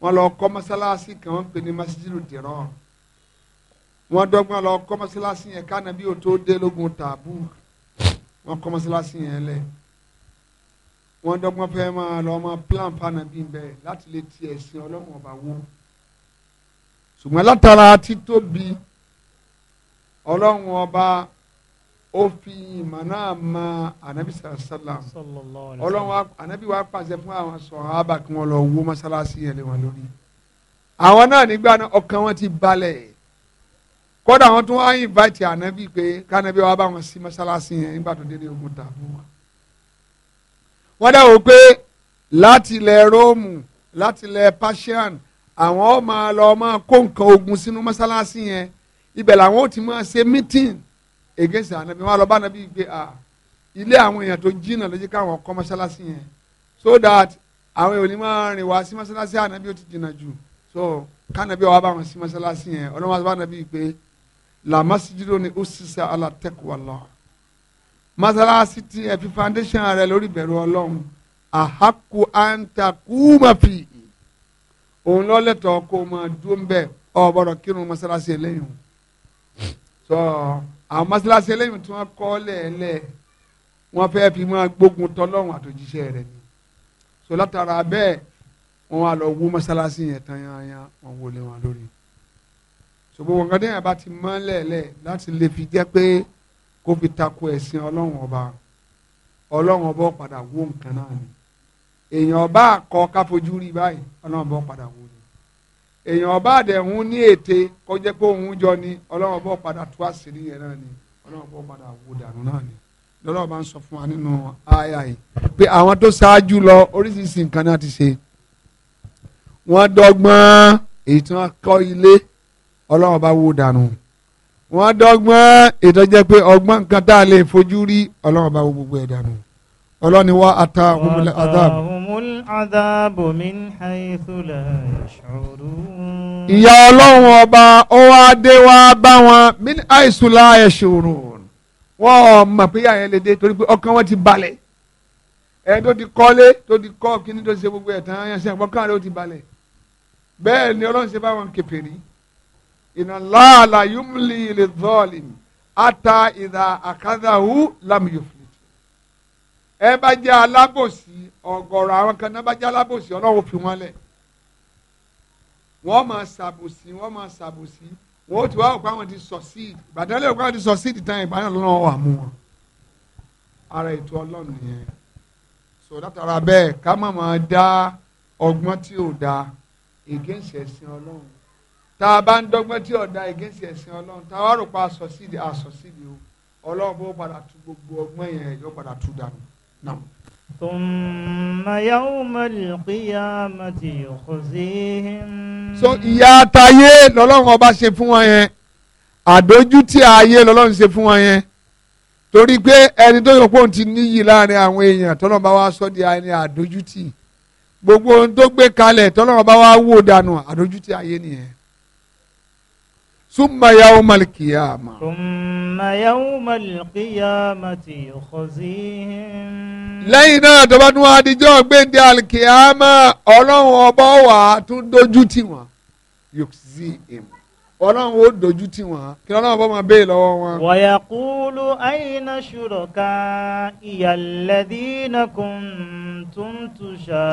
wọn lọ kọ́ mọ́sálásí kan wọ́n pè ní masjidu dìrọ́ wọ́n dọ́gbọ́n lọ kọ́ mọ́sálásí yẹn kánàbí ò tó dé lógun tààbù wọ́n kọ́ mọ́sálásí yẹn lẹ̀ wọ́n dọ́gbọ́n fẹ́ máa lọ máa plan fanabi bẹ́ẹ̀ láti lè ti ẹ̀sìn ọlọ́run ọba wó ṣùgbọ́n látara títóbi ọlọ́run ọba ó fi ìmọ̀ náà ma anabi sallam ọlọ́run anabi wa pàṣẹ fún àwọn sọ̀hábà kí wọ́n lọ wó mọ́sálásí yẹn lé wọn lórí àwọn náà nígbà náà ọkàn wọn ti balẹ̀ kódà wọn tún wá invite anabi pé kánabi wa bá wọn sí mọ́sálásí yẹn nígbà tó dédé ogun tà fún wọn. wọ́n dà wò pé láti ilẹ̀ róòmù láti ilẹ̀ persian àwọn máa lọ máa kó nǹkan ogun sínú mọ́sálásí yẹn ibẹ̀ làwọn ò ti máa ṣe meeting against anabi wọn lọ bá anabi gbé a ilé àwọn èèyàn tó jìnnà lójú káwọn kọ́ mọ́ṣáláṣí yẹn so that àwọn èèyàn ò ní máa rìn wá sí mọ́ṣáláṣí anabi ó ti jìnnà jù so kánabi wà bá wọn sí mọ́ṣáláṣí yẹn ọlọ́wọ́n àti bá anabi gbé làmásídìrò ni ó ṣiṣẹ́ alátẹ́kùwàlá mọ́ṣáláṣí ti ẹ̀ foundation rẹ̀ lórí ìbẹ̀rù ọlọ́run àhákù àǹtakùmọ̀fì òun lọ́lẹ́tọ̀ọ́ kó o máa dúró ń bẹ̀ ọ̀ bọ̀dọ̀ kírun mọ́ṣáláṣí eléyìí So, àwọn mọ́sálásí eléyìí tí wọ́n kọ́ lẹ́ẹ̀lẹ́ wọ́n fẹ́ fi máa gbógun tọ́lọ́run àtòjíṣẹ́ rẹ̀ ni so látara bẹ́ẹ̀ wọ́n á lọ wó mọ́sálásí yẹn tán yányán wọ́n wọlé wọn lórí so gbogbo nǹkan déyàn bá ti mọ́ lẹ́ẹ̀lẹ́ láti lè fi jẹ́ pé kó fi tako ẹ̀sìn ọlọ́run ọba ọlọ́run ọba padà wó nǹkan náà ni èèyàn bá kọ́ káfojú rí báyìí ọlọ́run ọba padà wó ni èèyàn ọba àdẹ̀hún ní ète kọjá pé òun jọ ni ọlọ́run padà tú àṣírí yẹn náà ni ọlọ́run padà wò dànù náà ni lọ́lọ́run bá ń sọ fún wa nínú àyà yìí pé àwọn tó ṣáájú lọ oríṣiríṣi nǹkan náà ti ṣe wọ́n dọ́gbọ́n èyí tí wọ́n kọ́ ilé ọlọ́run wò dànù wọ́n dọ́gbọ́n jẹ́ pé ọgbọ́n nǹkan tá a lè fojú rí ọlọ́run wò gbogbo ẹ̀ dànù ọlọ́run ni wọ́n العذاب مِنْ حَيْثُ لَا يشعرون ìyà ọlọ́run ọba ó wá dé wá bá wọn min àìsùn láàyè ṣòro wọ́n mọ̀ pé yàrá yẹn lè dé torí pé ọkàn wọn ti balẹ̀ ẹ tó ti kọ́lé tó ti kọ́ kíní tó ti ṣe gbogbo ẹ̀ tán yẹn ṣe àgbọ̀kàn rẹ̀ ó ti balẹ̀ bẹ́ẹ̀ ni ọlọ́run ṣe bá wọn kèfèrí inna Allah la yumli lidh-dhalim ata idha akadhahu lam ẹ bá jẹ́ alábòsí ọ̀gọ̀rọ̀ àwọn kan náà bá jẹ́ alábòsí ọlọ́run fi wọ́n lẹ̀ wọ́n máa ṣàbòsí wọ́n máa ṣàbòsí wọ́n ti wá òkú àwọn ti succeed ìbàdàn lè òkú àwọn ti succeed tán ìbàdàn lọ́nà wà mú wọn ara ètò ọlọ́run yẹn so látara bẹ́ẹ̀ ká má máa dá ọgbọ́n tí ò da against ẹ̀sìn ọlọ́run tá a bá ń dọ́gbọ́n tí ò da against ẹ̀sìn ọlọ́run tá a wá rò pa succeed a succeed o ọlọ́run bó padà tú gbogbo ọgbọ́n yẹn yóò padà tú dànù. نعم ثم يوم القيامة يخزيهم. so ìyà àtayé lọ́lọ́run ọba ṣe fún wọn yẹn àdójútì ayé lọ́lọ́run ṣe fún wọn yẹn torí pé ẹni tó yọ ti níyì láàrin àwọn èèyàn tọ́lọ́ bá wá sọ́ di ẹni àdójútì gbogbo ohun tó gbé kalẹ̀ tọ́lọ́ bá wá wò dànù àdójútì ayé nìyẹn summa yawmal qiyamah. summa yawmal qiyamati yukhzihim. lẹ́yìn náà tó bá tún wá dijọ́ gbéǹde alikiyama ọlọ́run ọba wà á tún dojú tì wọ́n yukhzihim ọlọ́run ó dojú tì wọ́n kí ọlọ́run bọ́ máa béè lọ́wọ́ wọn. wọ̀yà kúlù àyìnà ṣùrọ̀ ká ìyàlẹ́dí náà kún tuntunṣà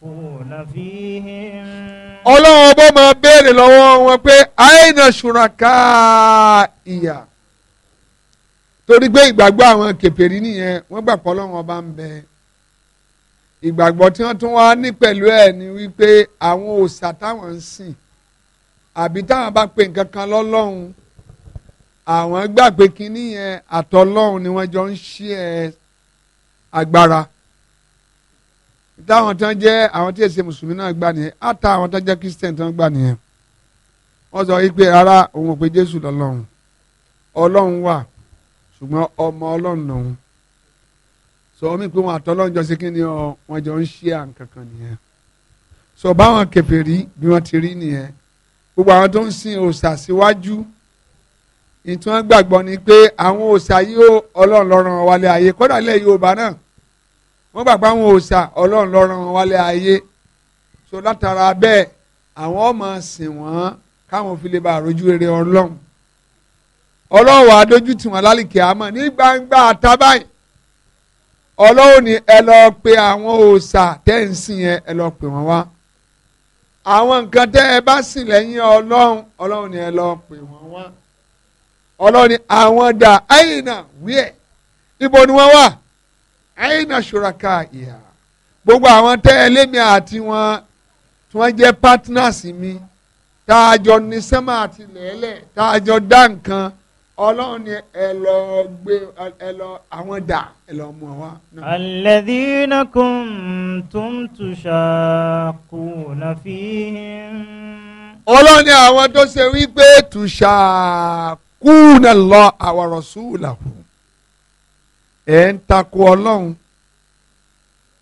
kò nà fi hìn. ọlọ́run bọ́ máa béèrè lọ́wọ́ wọn pé àyìnà ṣùrọ̀ ìyà torí pé ìgbàgbọ́ àwọn kèfèrí nìyẹn wọ́n gbà pé ọlọ́run ọba ń bẹ ìgbàgbọ́ tí wọ́n tún wá ní pẹ̀lú ẹ̀ ni wípé àwọn òòṣà táwọn ń sìn àbí táwọn bá pe nǹkan kan lọ́lọ́run àwọn gbà pé kínní yẹn àtọ́lọ́run ni wọ́n jọ ń ṣí ẹ agbára táwọn tán jẹ́ àwọn tí èsì mùsùlùmí náà gbà nìyẹn àtà àwọn tán jẹ́ christian tán gbà nìyẹn wọ́n sọ wípé rárá òun ò pe jésù lọ́lọ́run ọlọ́run wà ṣùgbọ́n ọmọ ọlọ́run lòun sọ omi pé wọn àtọ́lọ́run jọ ṣe kí ni ọ wọn jọ ń ṣí à nǹkan kan nìyẹn sọ báwọn kèfèrí bí wọ́n ti rí nìyẹn gbogbo àwọn tó ń sin òòṣà síwájú ìtú wọn gbàgbọ́ ni pé àwọn òòṣà yìí ó ọlọ́run lọ́rùn wálé ayé kódà ilẹ̀ yorùbá náà wọ́n gbàgbọ́ àwọn òòṣà ọlọ́run lọ́rùn wálé ayé so látara bẹ́ẹ̀ àwọn ọmọ sìn wọ́n káwọn fi lè bá àrójú rere ọlọ́run ọlọ́run wàá dojú tì wọ́n lálìkè àmọ́ ní gbangba àtàbáyìn ọlọ́run ni ẹ lọ pe àwọn òòṣà tẹ́ǹsì yẹn ẹ lọ pè wọ́n wá àwọn nǹkan tẹ́ ẹ bá sìn lẹ́yìn ọlọ́run ọlọ́run ni ẹ lọ pè wọ́n wá ọlọ́run ni àwọn dà àyìnà wíẹ̀ ibo ni wọ́n wà àyìnà ṣòraka ìhà gbogbo àwọn tẹ́ ẹ lémi àti wọn tí wọ́n jẹ́ partners mi tá a jọ ní sẹ́mà àti lẹ́lẹ̀ tá a jọ dá nǹkan ọlọ́run ni ẹ lọ gbé ẹ lọ àwọn dà ẹ lọ mú wa. alladhina kuntum tushaquna fihim. ọlọ́run ni àwọn tó ṣe wípé tushaquna Allah wa rasulahu. ẹ̀ ń takò ọlọ́run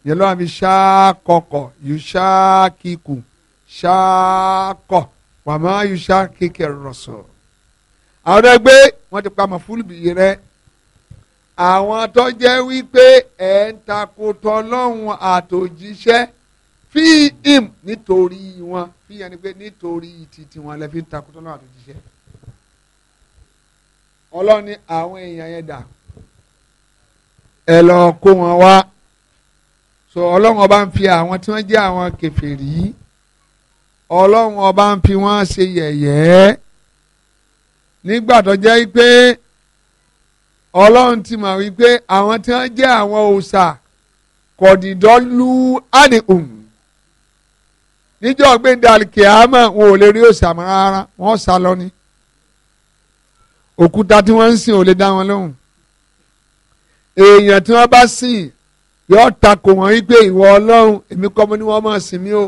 yẹn lọ́wọ́ mi ṣáàkọ̀kọ̀ yóò ṣáàkìkù ṣáàkọ̀ wàmọ́ yóò ṣáàkìkẹ̀ rasul àwọn tó gbé wọ́n ti pamọ́ fúlùbì yìí rẹ àwọn tó jẹ́ wípé ẹ̀ ń takotọ́ lọ́hùn àtòjíṣẹ́ fi im nítorí wọn fi yẹn ni pé nítorí títí wọn lẹ fi ń takotọ́ lọ́hùn àtòjíṣẹ́ ọlọ́run ní àwọn èèyàn yẹn dà ẹ lọ kó wọn wá so ọlọ́run ọba ń fi àwọn tí wọ́n jẹ́ àwọn kèfèrí ọlọ́run ọba ń fi wọ́n ṣe yẹ̀yẹ́ nígbà tó jẹ́ pé ọlọ́run ti mọ̀ wípé àwọn tí wọ́n jẹ́ àwọn òòṣà kọ̀dìdọ́lú àdìhùn níjọ́ gbẹ̀dàlì kìámà wọn ò lè rí òòṣà mọ́ rárá wọ́n sá lọ ni òkúta tí wọ́n ń sìn ò lè dá wọn lóhùn èèyàn tí wọ́n bá sìn yóò takò wọ́n wípé ìwọ ọlọ́run èmi kọ́ mo ní wọ́n máa sìn mí o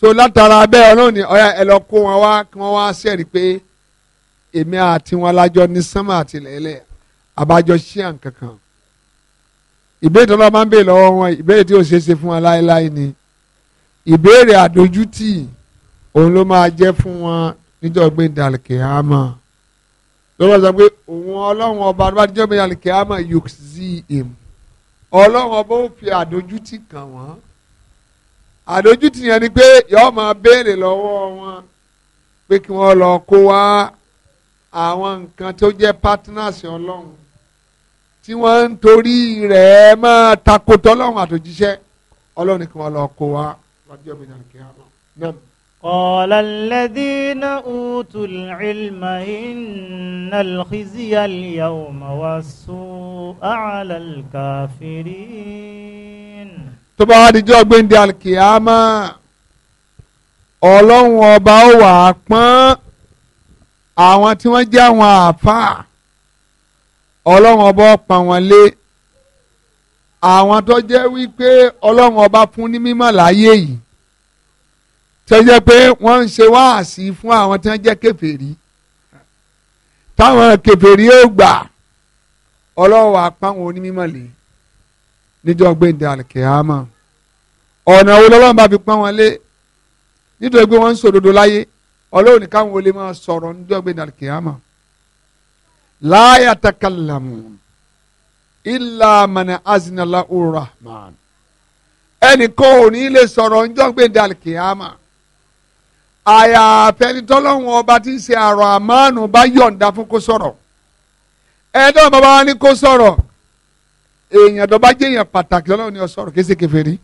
so látara bẹ́ẹ̀ ọlọ́run ni ọ̀yà ẹ lọ kó wọn wá kí wọ́n wá sẹ́rìí pé èmi àti wọn alájọ ní sánmà àti lẹ́lẹ̀ abájọ ṣíà kankan ìbéèrè tó lọ́ máa ń béèrè lọ́wọ́ wọn ìbéèrè tí ò ṣeé ṣe fún wọn láéláé ni ìbéèrè àdójútì òun ló máa jẹ́ fún wọn níjọ́gbé dàlùkẹ́ àmọ́ lọ́wọ́ sọ pé òun ọlọ́run ọba tó bá níjọ́gbé dàlùkẹ́ àmọ́ yóò sí im ọlọ́run ọba ó fi àdójútì kàn wọ́n àdójútì yẹn ni pé yọ́ọ́ máa béèrè lọ́wọ́ wọn pé kí wọ́n lọ kó wá àwọn nǹkan tó jẹ́ partners ọlọ́run tí wọ́n ń torí rẹ̀ máa takotọ́ ọlọ́run àtòjíṣẹ́ ọlọ́run ni kí lọ kó wa lọ́jọ́ mi náà kí á lọ. قال الذين أوتوا العلم إن الخزي اليوم والسوء على الكافرين tó bá wá dijọ́ gbéǹde alkiyama ọlọ́run ọba ó àwọn tí wọ́n jẹ́ àwọn àáfàá ọlọ́run ọba pa wọn lé àwọn tó jẹ́ wípé ọlọ́run ọba fún ní mímọ̀ láyé yìí tó jẹ́ pé wọ́n ń ṣe wáàsí fún àwọn tí wọ́n jẹ́ kèfèrí táwọn kèfèrí ó gbà ọlọ́run apá wọn onímọ̀ lé níjọ́ gbẹ̀dẹ̀ àlùkìyámà ọ̀nà wo lọ́lọ́run bá fi pọ́n wọn lé nítorí pé wọ́n ń sòdodo láyé ọlọ́run nìkan wo lè máa sọ̀rọ̀ níjọ́ gbé dàlù kìámà la yatakallamun illa man azna lahu rahman ẹnìkan ò ní lè sọ̀rọ̀ níjọ́ gbé dàlù kìámà àyàfẹ́nitọ́lọ́hún ọba tí ń ṣe àrò àmánu bá yọ̀ǹda fún kó sọ̀rọ̀ ẹ̀ẹ́dọ́ bàbá wa ní kó sọ̀rọ̀ èèyàn tó bá pàtàkì ọlọ́run ni ó sọ̀rọ̀ kí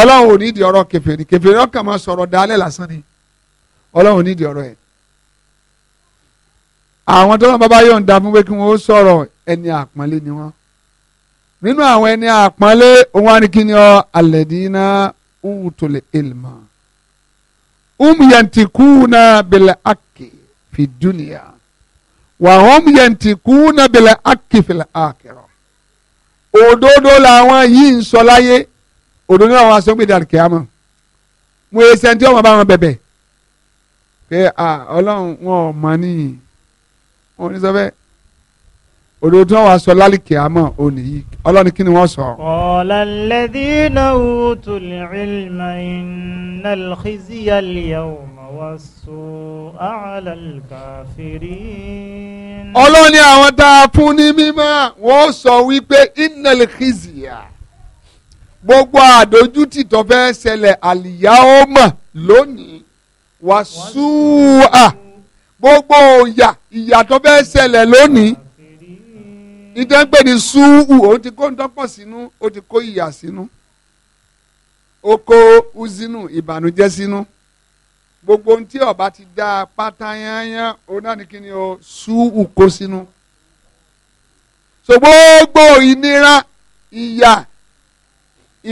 ọlọ́run ò ní ìdí ọ̀rọ̀ kèfèrí kèfèrí ọkàn máa sọ̀rọ̀ dálẹ̀ lásán ni ọlọ́run nídìí ọ̀rọ̀ ẹ̀ àwọn tọ́lọ́ bàbá yóò ń da fún pé kí wọ́n sọ̀rọ̀ ẹni àpọ́nlé ni wọ́n nínú àwọn ẹni àpọ́nlé òun á ní kí ni ọ alẹ́dínà òwútòlè èlùmọ́ umyantikuna bẹ̀lẹ̀ àkè fìdúnìyà wàhùn yantikuna bẹ̀lẹ̀ àkè fìlẹ̀ àkẹrọ òdodo làwọn yìí ń sọ láyé òdodo làwọn asọ́gbẹ̀dẹ̀ àkẹ́yàmọ́ mo yẹ sẹ́ńtì ọmọ bá wọn bẹ̀bẹ̀ pé ọlọ́run wọn ò mọ nìyí wọn ò ní sọ bẹ́ẹ̀ òdodo tí wọn wá sọ lálìkè àmọ́ òní yìí ọlọ́ni kí ni wọ́n sọ. qala alladhina utul ilma innal khizya al-yawma was-su'a 'ala al-kafirin. ọlọ́ni àwọn tá a fún ní mímọ́ wọ́n sọ wípé innal khizya gbogbo àdójútì tó fẹ́ ṣẹlẹ̀ al-yawma lónìí wàsúà gbogbo ìyà ìyàtọ̀ bẹ́ẹ̀ ṣẹlẹ̀ lónìí ìtẹ́ńpẹ́ ni súù òun ti kó ńdọ́pọ̀ sínú ó ti kó ìyà sínú ó kó uzinu ìbànújẹ́ sínú gbogbo ohun tí ọba ti dá a pátá yányán náà ni kí ni o súù kó sínú so gbogbo ìnira ìyà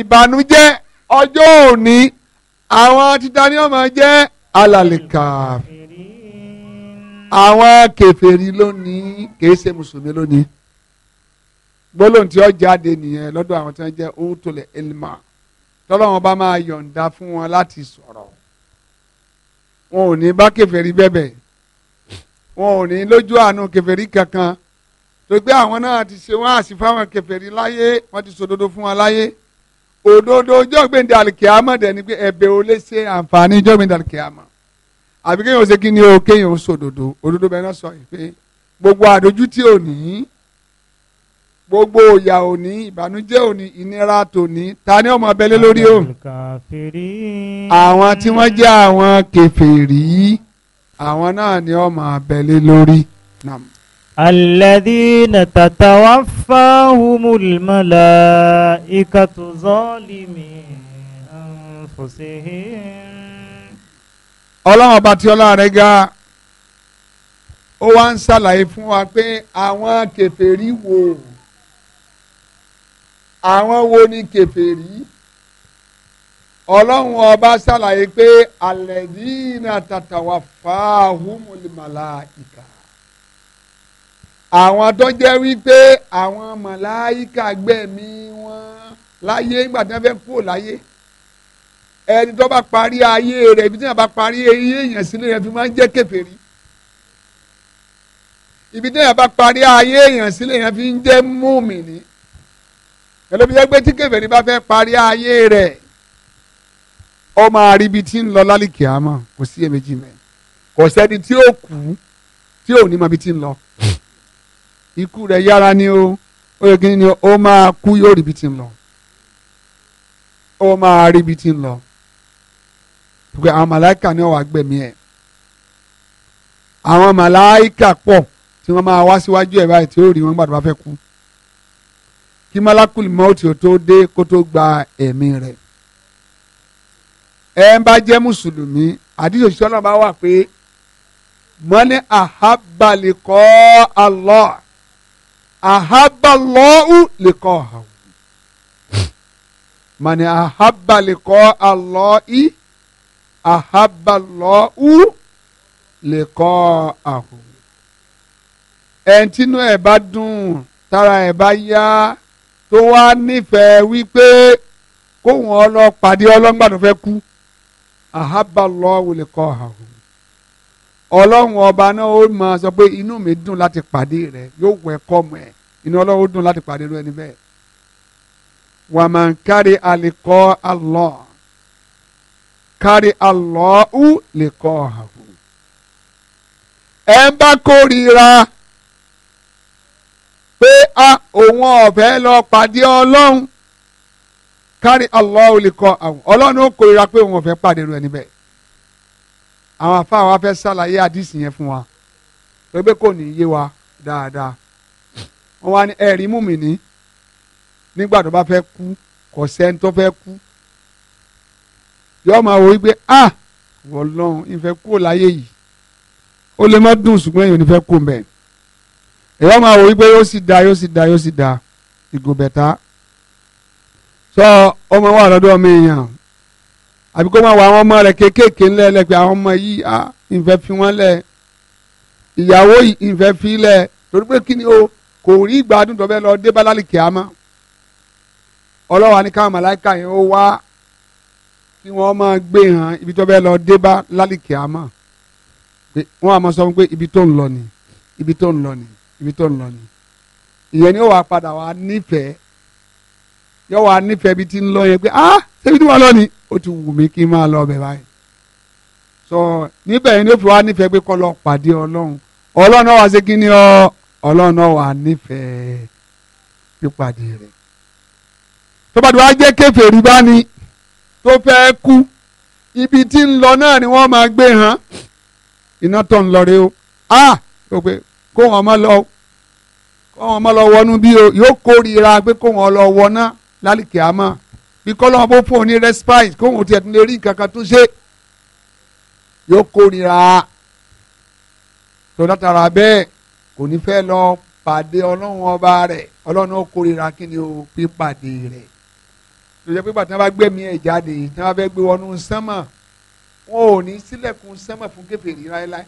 ìbànújẹ́ ọjọ́ òní àwọn titanium jẹ́ alàlìkà àwọn kèfèrí lónìí kìí ṣe mùsùlùmí lónìí gbólóhùn tí ó jáde nìyẹn lọ́dọ̀ àwọn tí wọ́n jẹ́ òótọ́lẹ̀ elma tọ́lọ́wọ́n bá máa yọ̀ǹda fún wọn láti sọ̀rọ̀ wọn ò ní bá kèfèrí bẹ̀bẹ̀ wọn ò ní lójú àánú kèfèrí kankan tó gbé àwọn náà ti ṣe wọn àṣìfáwọn kèfèrí láyé wọn ti sòdodo fún wọn láyé òdodo jọ́gbìndé àlìkìámọ̀ dẹ̀ ni pé ẹ̀bẹ̀ ò lè ṣe àǹfààní jọ́gbìndé àlìkìámọ̀ àbí kéèyàn ṣe kí ni o kéèyàn ó sòdodo òdodo bẹ́ẹ̀ náà sọ yìí pé gbogbo àdójútì òní gbogbo òyà òní ìbànújẹ́ òní ìnira tòní ta ni ọmọ abẹ́lé lórí o àwọn tí wọ́n jẹ́ àwọn kèfèrí àwọn náà ni ọmọ abẹ́lé lórí الذين تتوفاهم الملائكة ظالمي أنفسهم ọlọ́run ọba tí ọlọ́run rẹ̀ ga ó wá ń ṣàlàyé fún wa pé àwọn kèfèrí wo àwọn wo ni kèfèrí ọlọ́run ọba ṣàlàyé pé alladhina tatawaffahumul malaika àwọn tó jẹ́ wípé àwọn màláíkà gbẹ̀mí wọn láyé nígbà tí wọ́n fẹ́ kú láyé ẹni tó bá parí ayé rẹ̀ ibi tí wọ́n bá parí ayé èèyàn sílẹ̀ yẹn fi máa ń jẹ́ kèfèrí ibi tí wọ́n bá parí ayé èèyàn sílẹ̀ yẹn fi ń jẹ́ múmìnì ẹlẹ́bi jẹ́ pé tí kèfèrí bá fẹ́ parí ayé rẹ̀ ó máa rí ibi tí ń lọ lálìkè àmọ́ kò sí èméjì mẹ́ kò sẹ́ni tí ó kú tí ò ní mọ ibi tí ń lọ ikú rẹ̀ yára ni o ó yẹ kí ni ó máa kú yóò ríbi tí ń lọ ó máa ríbi tí ń lọ pé àwọn màláìka ni ó wá gbẹ̀mí ẹ̀ àwọn màláìka pọ̀ tí wọ́n máa wá síwájú ẹ̀ báyìí tí ó rí wọn gbàdúrà fẹ́ kú kí malakul mọ́ọ̀tì ó tó dé kó tó gba ẹ̀mí rẹ̀ ẹ ń bá jẹ́ mùsùlùmí àdìsí òṣìṣẹ́ bá wà pé mọ́ni àhábàlìkọ́ Allah ahabalọ́ọ̀ lèkọ́ àwọn mani ahabalekọ alọi ahabalọu lekọ ahu ẹntinu ẹ bá dùn tara ẹ bá yá tó wá nífẹ̀ẹ́ wípé kóhun ọlọ́pàdé ọlọ́ngbàdàn fẹ́ kú ahabalọu lekọ ahu ọlọ́run ọba náà ó máa sọ pé inú mi dùn láti pàdé rẹ yóò wẹ̀ kọ́mù ẹ̀ inú ọlọ́run ó dùn láti pàdé rẹ níbẹ̀. wà á máa ń kárí àlèkọ́ Allah kárí Allahu lè kọ́ ọ̀hún. ẹ ń bá kórìíra pé a òun ọ̀fẹ́ lọ pàdé ọlọ́run kárí Allahu lè kọ́ ọ̀hún ọlọ́run ó kórìíra pé òun ọ̀fẹ́ pàdé rẹ níbẹ̀ àwọn afáà wa fẹ́ ṣàlàyé àdìsí yẹn fún wa pé kò ní yé wa dáadáa wọ́n wá ní ẹ̀rí mùmìnì nígbà tó bá fẹ́ kú kò sẹ́ni tó fẹ́ kú yọ máa wò wípé a wọlọ́n ìfẹ́ kú láyé yìí ó lè má dùn ṣùgbọ́n èèyàn nífẹ̀ẹ́ kú mbẹ́ èèyàn máa wò wípé yóò sì da yóò sì da yóò sì da ìgò bẹ̀ta sọ ọmọ wa lọ́dọ̀ ọmọ èèyàn àbí kó máa wọ àwọn ọmọ rẹ̀ kéékèèké ńlẹ̀ lẹ́pẹ́ àwọn ọmọ yìí à ìfẹ́ fi wọ́n lẹ̀ ìyàwó ìfẹ́ fi lẹ̀ torí pé kí ni o kò rí ìgbádùn tó fẹ́ lọ dé bálálì kìámà ọlọ́wà ní káwọn màláìka yẹn ó wá kí wọ́n máa gbé hàn ibi tó fẹ́ lọ dé bálálì kìámà wọ́n á máa sọ pé ibi tó ń lọ ni ibi tó ń lọ ni ibi tó ń lọ ni ìyẹn ni ó wàá padà wá nífẹ̀ẹ́ yóò wá nífẹ̀ẹ́ ti ń lọ yẹn pé ah ṣébi tí wọ́n lọ ni ó ti wù mí kí n máa lọ bẹ̀ báyìí sọ níbẹ̀ yẹn ni ó fi wá nífẹ̀ẹ́ pé kọ́ lọ pàdé ọlọ́run ọlọ́run náà wá ṣe kí ni ọ ọlọ́run náà wà nífẹ̀ẹ́ pípàdé rẹ̀ tó bá jẹ́ kèfèrí bá ní tó fẹ́ kú ibi tí ń lọ náà ni wọ́n máa gbé hàn iná tó ń lọ rẹ o ah ó pé kó wọn má lọ kó wọn má lọ wọnú bí o yóò kórìíra pé kó wọn lọ wọ náà lálìkè àmọ́ bí kọ́lọ́mọ bó fún un ní respite kó òun tiẹ̀ tún lè rí nǹkan kan tó ṣe yóò kórira tó látara bẹ́ẹ̀ kò ní fẹ́ lọ pàdé ọlọ́run ọba rẹ̀ ọlọ́run ó kórira kí ni o pípàdé rẹ̀ tó jẹ́ pípàdé tí wọ́n bá gbẹ̀mí ẹ̀ jáde tí wọ́n bá gbé wọnú sánmà wọn ò ní sílẹ̀kùn sánmà fún kèfèrí láéláé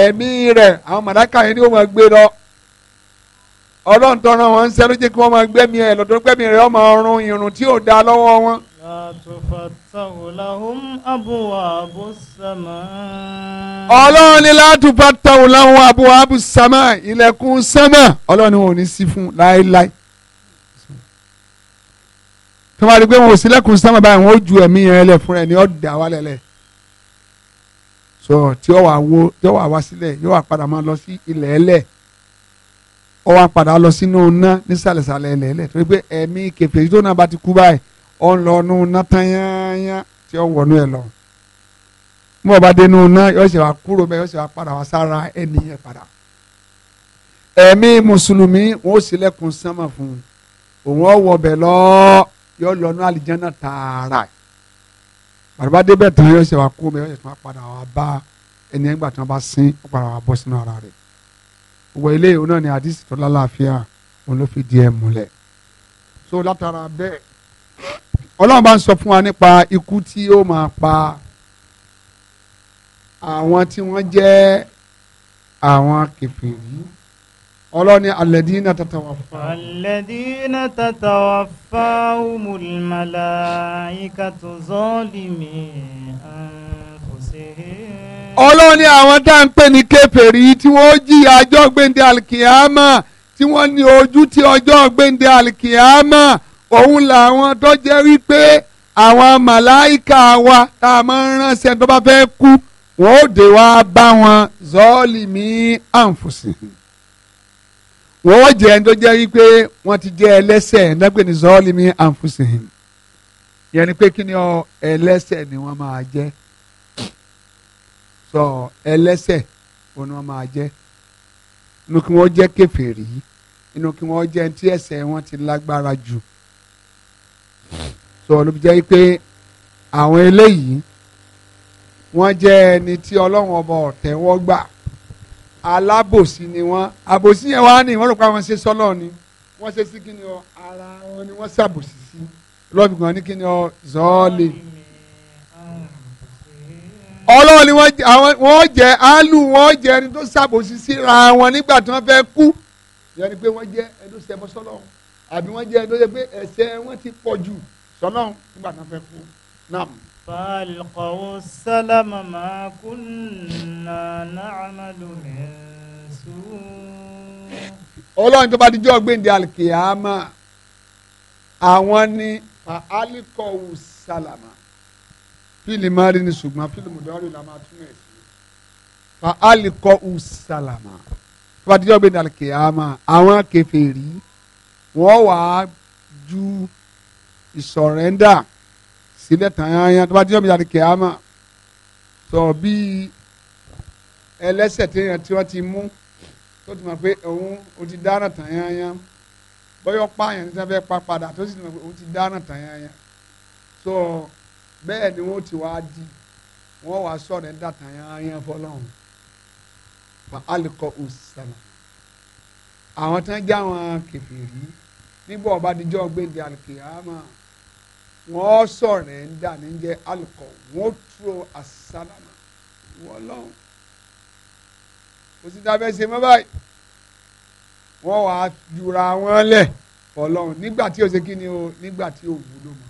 ẹ̀mí rẹ̀ àwọn màdákà yẹn ni ó máa gbé lọ ọlọ́run tọ́ra wọn ń sẹ́nu jẹ́ kí wọ́n máa gbẹ́mí ẹ̀ lọ́dọ̀ gbẹ́mí rẹ̀ ọmọ ọrùn irun tí ò da lọ́wọ́ wọn. ọlọ́run ni látùbà àbúwá abu sama ilẹ̀kùn sama ọlọ́run ni wọn ò ní sí fún láéláé. tó bá rí pé wọn ò sí lẹ́kùn sama báyìí wọn ò ju ẹ̀mí yẹn lẹ̀ fún ẹ̀ ní ọ̀dà wálẹ̀ lẹ̀ sọ tí ó wà wá sílẹ̀ yóò wà padà máa lọ sí ilẹ̀ ẹlẹ́ẹ̀ ó wá padà lọ sínú iná nísàlẹ̀sàlẹ̀ ẹlẹ́ẹ̀lẹ́ torí pé ẹ̀mí kẹfẹ́ tó náà bá ti kú báyìí ó ń lọ nú iná tán yányán tí ó ń wọnú ẹ lọ mú ọba dé nú iná yóò ṣe wá kúrò bẹ́ẹ̀ yóò ṣe wá padà wá sára ẹni yẹn padà ẹ̀mí mùsùlùmí wọn ó ṣílẹ̀kùn sánmà fún un òun ó wọ ọbẹ̀ lọ yóò lọ nú àlìjánná tààrà bàbá débẹ̀ bẹ́ẹ̀ wọ ilé ìwọ náà ni àdìsí tó lálàáfíà òun ló so látara bẹ́ẹ̀ ọlọ́run bá ń sọ fún wa nípa ikú tí ó máa pa àwọn tí wọ́n jẹ́ àwọn kèfèrí ọlọ́ni alẹ́dínà tatawafa. alẹ́dínà tatawafa umul malaikatu zolimi ọlọ́run ni àwọn tá à ń pè ní kèfèrí tí wọ́n jí àjọ gbèǹde alikiyama tí wọ́n ní ojú tí ọjọ́ gbèǹde alikiyama òun làwọn tó jẹ́ wípé àwọn màláìka wa tá a máa ń ránṣẹ́ tó bá fẹ́ kú wọ́n ó dé wá bá wọn zọ́ọ̀lì mí àǹfùsì wọ́n jẹ́ ẹni tó jẹ́ wípé wọ́n ti jẹ́ ẹlẹ́sẹ̀ ẹ̀ńdàgbé ní zọ́ọ̀lì mí àǹfùsì yẹn ni pé kí ni ọ ẹlẹ́sẹ̀ ni wọ́n máa jẹ́ sọ ẹlẹ́ṣẹ̀ òun wọn máa jẹ́ inú kí wọ́n jẹ́ kèfèrí inú kí wọ́n jẹ́ tí ẹ̀ṣẹ̀ wọn ti lágbára jù sọ ló jẹ́ pé àwọn eléyìí wọ́n jẹ́ ẹni tí ọlọ́run ọba ọ̀tẹ̀ wọ́n gbà alábòsí ni wọ́n àbòsí yẹn wá ní wọ́n rò pé àwọn ṣe sọ́lọ́ ni wọ́n ṣe sí kí ni ọ ara wọn ni wọ́n ṣàbòsí sí lọ́bìgbọ́n ní kí ni ọ zọ́ọ́lì ọlọ́run ni wọ́n jẹ́ alu wọ́n jẹ́ ẹni tó ṣàbòsí síra wọn nígbà tí wọ́n fẹ́ kú ìyẹn ni pé wọ́n jẹ́ ẹni tó ṣẹbọ sọ́lọ́run àbí wọ́n jẹ́ ẹni tó ṣe pé ẹ̀ṣẹ̀ wọn ti pọ̀ jù sọ́lọ́run nígbà tí wọ́n fẹ́ kú náà. فألقوا السلم ما كنا نعمل من سوء ọlọ́run tó bá dijọ́ gbẹ̀ndẹ̀ alikiyama àwọn ni fa'alikọ̀wù sálàmà fíìlì mari ni ṣùgbọ́n fíìlì mùdọ́rì la máa túmọ̀ sí. fa alikọ usalama tó bá dijọ́ gbé dàlẹ́ kìáma àwọn kèfèrí wọ́n wà á ju ìsọ̀rẹ́ndà sílẹ̀ tàyàyà tó bá dijọ́ gbé dàlẹ́ kìáma sọ bíi ẹlẹ́sẹ̀ téèyàn tí wọ́n ti mú tó ti mọ̀ pé òun ò ti dáná tàyàyà bọ́yọ̀ pààyàn ní sáfẹ́ pa padà tó sì mọ̀ pé òun ti dáná tàyàyà sọ. So, bẹ́ẹ̀ ni wọ́n ti wá di wọ́n wá sọ̀rọ̀ dàtà yányán fọlọ́run wà á lè kọ́ òsàlà àwọn tán já wọn kèfèrí nígbà ọba díjọ́ gbèdé àlùkìyàmà wọ́n sọ̀rọ̀ dà níjẹ́ alùkọ̀ wọ́n tó àsálàmà wọ́n lọ́hùn kò sí dábẹ́ ṣe mọ́ báyìí wàá jura wọn lẹ̀ fọlọ́hùn nígbà tí o ṣe kí ni o nígbà tí o wúlò mọ́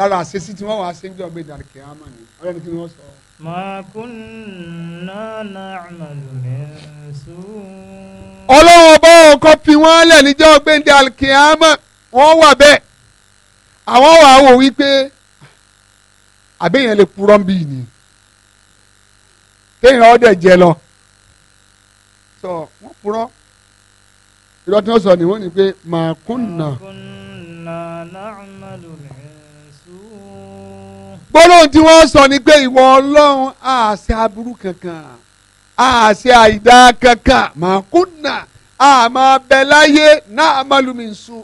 lára àṣesí tí wọ́n wàá ṣe ń jọ gbé dàrí kìámà ni ọlọ́run ní kí wọ́n sọ. ma kunna na'malu min su'. ọlọ́run ọba ọkọ fi wọ́n lẹ̀ níjọ́ gbé dàrí kìámà wọ́n wà bẹ́ẹ̀ àwọn wàá wò wípé àbẹ́yẹn lè purọ́ ń bí ni kéèyàn ọdẹ jẹ lọ sọ wọ́n purọ́ irọ́ tí sọ ni wọ́n ní pé ma kunna. ma kunna na'malu min gbólóhùn tí wọ́n sọ ni pé ìwọ ọlọ́run àṣẹ aburú kankan àṣẹ àìdá kankan màkúnà àmà bẹ̀láyé náà màlúmísù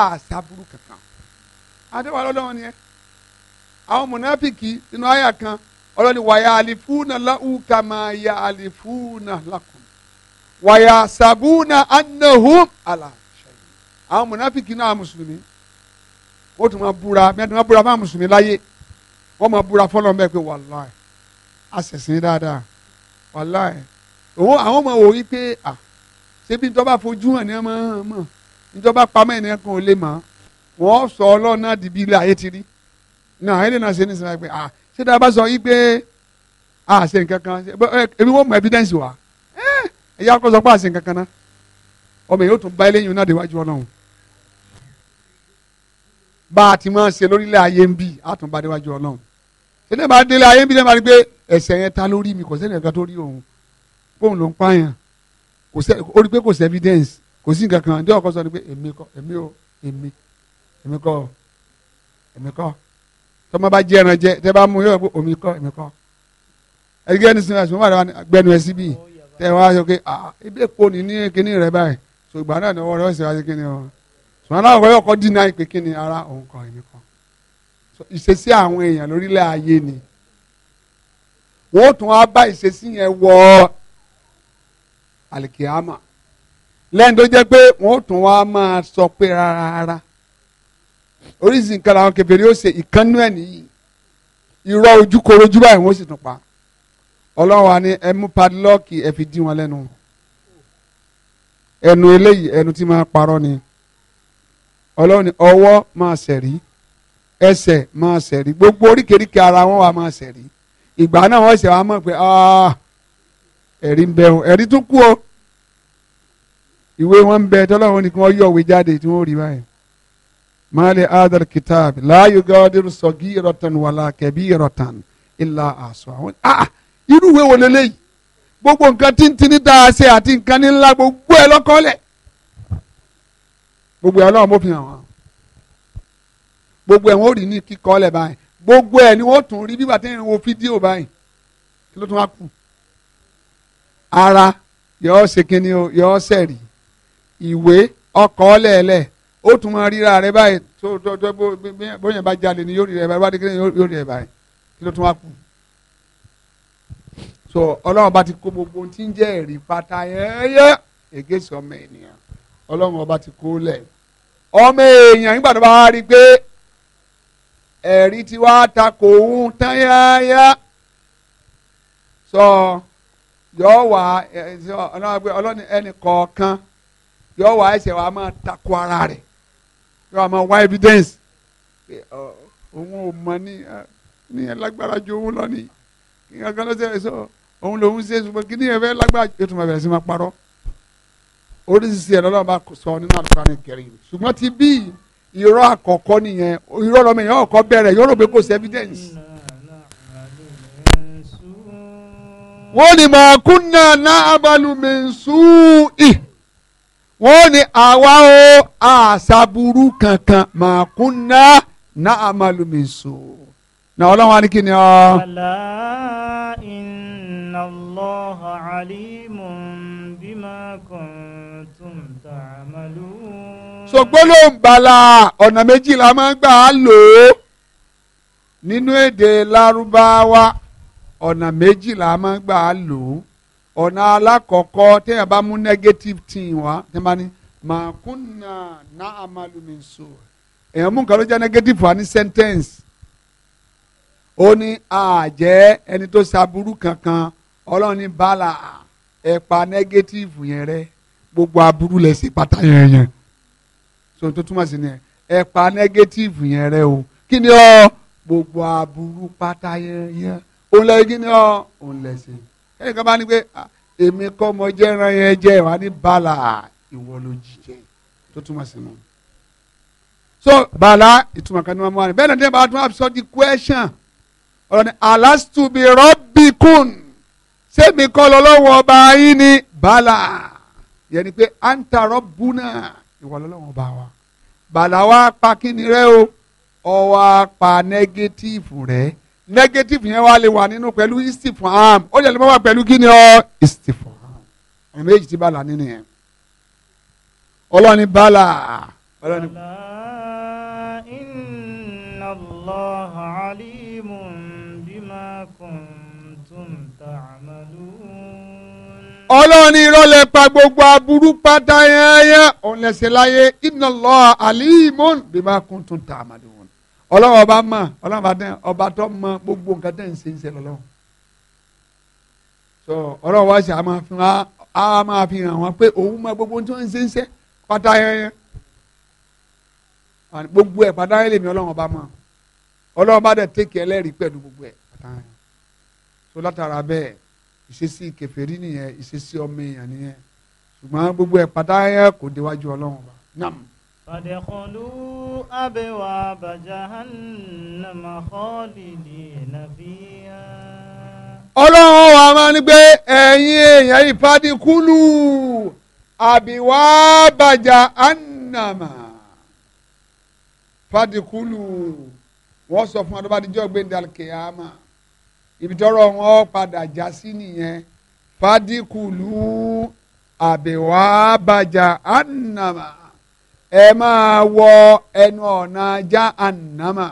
àṣẹ aburú kankan. àdéhùn ọlọ́run ni ẹ àwọn mọ̀nàfìkì nínú àyà kan ọlọ́ni wàyà àlìfúnà láwùká máa yà àlìfúnà lákùn wàyà sàbúnà anahum aláṣẹ àwọn mọ̀nàfìkì náà mùsùlùmí wọ́n tún máa búra mẹ́tọ́ máa búra máa mùsùlùmí láyé wọ́n máa búra fọlọ́n bẹ́ẹ̀ pé wàláì àṣẹ̀sìn dáadáa wàláì òun àwọn máa wò wípé à ṣébi ìjọba fojú hàn ní ọmọ ọmọ ìjọba pamọ́ ènìyàn kan ò lè mọ̀ wọ́n sọ ọlọ́run náà di bí ilé ayé ti rí náà ayé lè náà ṣe ní sinmi pé à ṣé dáa bá sọ yí pé à ṣe nǹkan kan èmi wọ́n mọ evidence wa ẹ̀yà kọ́ sọ pé à ṣe nǹkan kan náà ọmọ yóò tún bá eléyìí náà déwájú ọlọ́run bá a ti máa ṣe lórílẹ̀ ayé ń bì á tún bá déwájú ọlọ́run ṣé ní bá délé ayé ń bì náà bá rí pé ẹ̀ṣẹ̀ yẹn ta lórí mi kò sẹ́ni ẹ̀ka tó rí òun bóun ló ń pààyàn kò sẹ́ ó rí pé kò sí evidence kò sí nǹkan kan ndé ọkọ sọ ni pé èmi kọ́ èmi o èmi èmi kọ́ èmi kọ́ tọmọ bá jẹ ẹran jẹ tẹ bá mú yóò pé omi kọ́ èmi kọ́ ẹgbẹ́ ní sinmi àti mọ́wá rẹ gbẹnu ẹ síbí tẹ wá sọ pé ah ebi èkó ni ní kíní rẹ báyìí ṣùgbọ́n náà ni ọwọ́ rẹ ọ̀sẹ̀ wá sí kíní o sùmọ́nà àwọn yóò kọ́ dínà pé kí ni ara òun kọ́ èmi kọ́ ìṣesí àwọn èèyàn lórílẹ̀ ayé ni wọ́n tún á bá ìṣesí yẹn wọ àlìkìyàmà lẹ́yìn tó jẹ́ pé wọ́n tún wá máa sọ pé rárá rárá oríṣi nǹkan làwọn kẹfẹ́ rí ṣe ìkànnú ẹ̀ nìyí irọ́ ojúkorojú báyìí wọ́n sì tún pa ọlọ́run wa ni ẹ mú padlọ́ọ̀kì ẹ fi dí wọn lẹ́nu ẹnu eléyìí ẹnu tí máa parọ́ ni ọlọ́run ọwọ́ máa ṣẹ̀rí ẹsẹ̀ máa ṣẹ̀rí gbogbo oríkèéríkèé ara wọn wà máa ṣẹ̀rí ìgbà náà wọ́n ṣe wá mọ̀ pé ah, ẹ̀rí ń bẹ o ẹ̀rí tún kú o ìwé wọn ń bẹ tọ́lọ́run ni kí wọ́n yọ̀wé jáde tí wọ́n rí báyìí maale adar kitab láàyò gàdúrú sọ̀gí ìrọ̀tàn wàlà kẹ̀bí ìrọ̀tàn ìlà àṣọ àwọn ah, irú ìwé wo lélẹ́yìí gbogbo nǹkan tí ń tini dáa ṣe àti nǹkan ńlá gbogbo ẹ̀ lọ́kọ́lẹ̀ gbogbo ẹ̀ ọlọ́run bó fi hàn wọ́n gbogbo ẹ̀ wọ́n ò rí ní kíkọ́ lẹ̀ báyìí gbogbo ẹ̀ ni wọ́n tún rí bí bàtí ìrìn wo fídíò báyìí kí ló tún wá kù ara yọ ṣe kíni o yọ sẹ̀rí ìwé ọkọ̀ ọ̀lẹ̀ẹ̀lẹ̀ ó tún máa ríra rẹ báyìí tó tó tó bóyá bá jalè ni yóò rí rẹ báyìí bá dékèrè yóò rí rẹ báyìí kí ló tún wá kù so ọlọ́run ọba ti kó gbogbo ohun tí ń jẹ́ ẹ̀rí pátá yẹ́yẹ́ ègé sọmọ ènìyàn ọlọ́run ọba ti kó lẹ̀ ọmọ èèyàn nígbà tó bá rí i pé ẹ̀rí tí wàá ta kò ń tán yáyá sọ yọọ wà ọlọ́ni ẹnì kọ̀ọ̀kan yọọ wà ẹsẹ̀ wàá máa takò ara rẹ̀ yọọ wà máa wá evidence òun ò mọ ní ní ẹlágbára ju òun lọ ní kí n kankan lọ́sẹ̀ sọ òun lòun ṣe ṣùgbọ́n kí ni ẹ̀fẹ́ lágbára ètò ìmọ̀ ẹ̀fẹ́ sí máa parọ́. oríṣiríṣi ẹ̀rọ náà bá sọ nínú àlùfáàní kẹrin ṣùgbọ́n ti bí irọ́ àkọ́kọ́ nìyẹn irọ́ lọ́mọ èèyàn ọ̀kọ́ bẹ̀rẹ̀ yóò rò pé kò sí evidence. wọ́n ní màá kúnnà náà abalùmí wọ́n ní àwa o àṣàbùrú kankan màá kúnnà náà na ọlọ́run kí so gbólóhùn bàlà ọ̀nà méjì la máa ń gbà á lò ó nínú èdè lárúbáwá ọ̀nà méjì la máa ń gbà á lò ó ọ̀nà alákọ̀ọ́kọ́ téèyàn bá mú negative thing wá téèyàn bá ní màá kúnnà náà àmàlùmí so èèyàn mú nǹkan ló jẹ́ negative wá ní sentence ó ní àjẹ́ ẹni tó ṣàbúrú kankan ọlọ́run ní bàlà ẹ̀pa negative yẹn rẹ gbogbo aburú lẹ̀ sí pátá yẹn yẹn so tó túmọ̀ sí nìyẹn ẹ pa nẹ́gẹ́tìfù yẹn rẹ o kí ni ọ gbogbo aburú pátá yẹn yẹn òun lẹ kí ni ọ òun lẹ ṣe ẹnìkan bá ní pé èmi kọ́ mọ jẹ́ran yẹn jẹ́ wà ní bàlà ìwọ ló jíjẹ tó túmọ̀ sí nù. so bàlà ìtumọ̀ kan ní wọn mú wa ni bẹ́ẹ̀ ni bá tún absọ di question ọ̀rọ̀ ni alastubi rọ́bìkún sẹ́mi kọ́ lọ́wọ́ ọba yín ni bàlà yẹn ni pé anta rọ́bùnà ìwọ lọ́wọ́ ọba wa bàlá pa kíni rẹ o ọ wa pa rẹ nẹgẹtífù yẹn wa lè wà nínú pẹ̀lú istifham ó lè lè pẹ̀lú kíni ọ istifham ọ̀nà méjì tí bàlá nínú yẹn ọlọ́ni ọlọ́run irọ́ lẹ pa gbogbo aburú pátá yẹnyẹn òun lẹ́sẹ̀ láyé inna Allah alimun bima kuntum ta'malun ọlọ́run ọba mọ̀ ọlọ́run ọba dẹ́n ọba tó mọ̀ gbogbo nǹkan tẹ̀ ń ṣe ń ṣe lọ́lọ́run so ọlọ́run wá sí a máa fi hàn á máa fi hàn wọn pé òun mọ̀ gbogbo tó ń ṣe ń ṣe pátá yẹnyẹn gbogbo ẹ̀ pátá yẹn lèmi ọlọ́run ọba mọ̀ ọlọ́run bá dẹ̀ tẹ́kẹ̀ẹ́ lẹ́rìí pẹ̀lú gbogbo ẹ̀ pátá yẹn ìṣesí kèfèrí nìyẹn ìṣesí ọmọ èèyàn nìyẹn ṣùgbọ́n gbogbo ẹ̀ padà ẹ̀ kò déwájú ọlọ́run ọba nam. fàdékọ́lù abẹ́wà jahannama khalidina fiha. ọlọ́run wa máa ń gbé ẹ̀yin èèyàn ìfadíkúlù àbíwá jahannama fàdíkúlù wọ́n sọ fún adébádìjọ́ gbẹ̀ndàlkèámà ibi tọ́rọ̀ wọn padà já sí nìyẹn fadikulu àbẹ̀wá bàjá ànàmà ẹ máa wọ ẹnu ọ̀nà já anama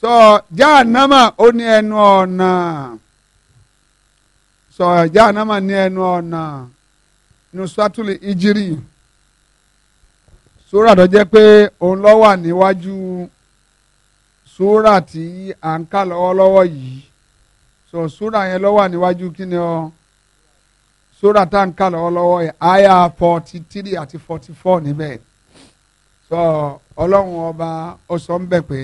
sọ já ànàmà ó ní ẹnu ọ̀nà sọ já ànàmà ní ẹnu ọ̀nà nusratuli ijiri sórà tó jẹ́ pé òun ló níwájú súrà tí à ń kà lọ́wọ́lọ́wọ́ yìí so súrà yẹn ló wà níwájú kí ni ọ súrà tá à ń kà lọ́wọ́lọ́wọ́ yẹn àyà forty three àti forty four níbẹ̀ so ọlọ́run ọba ó sọ ń bẹ̀ pé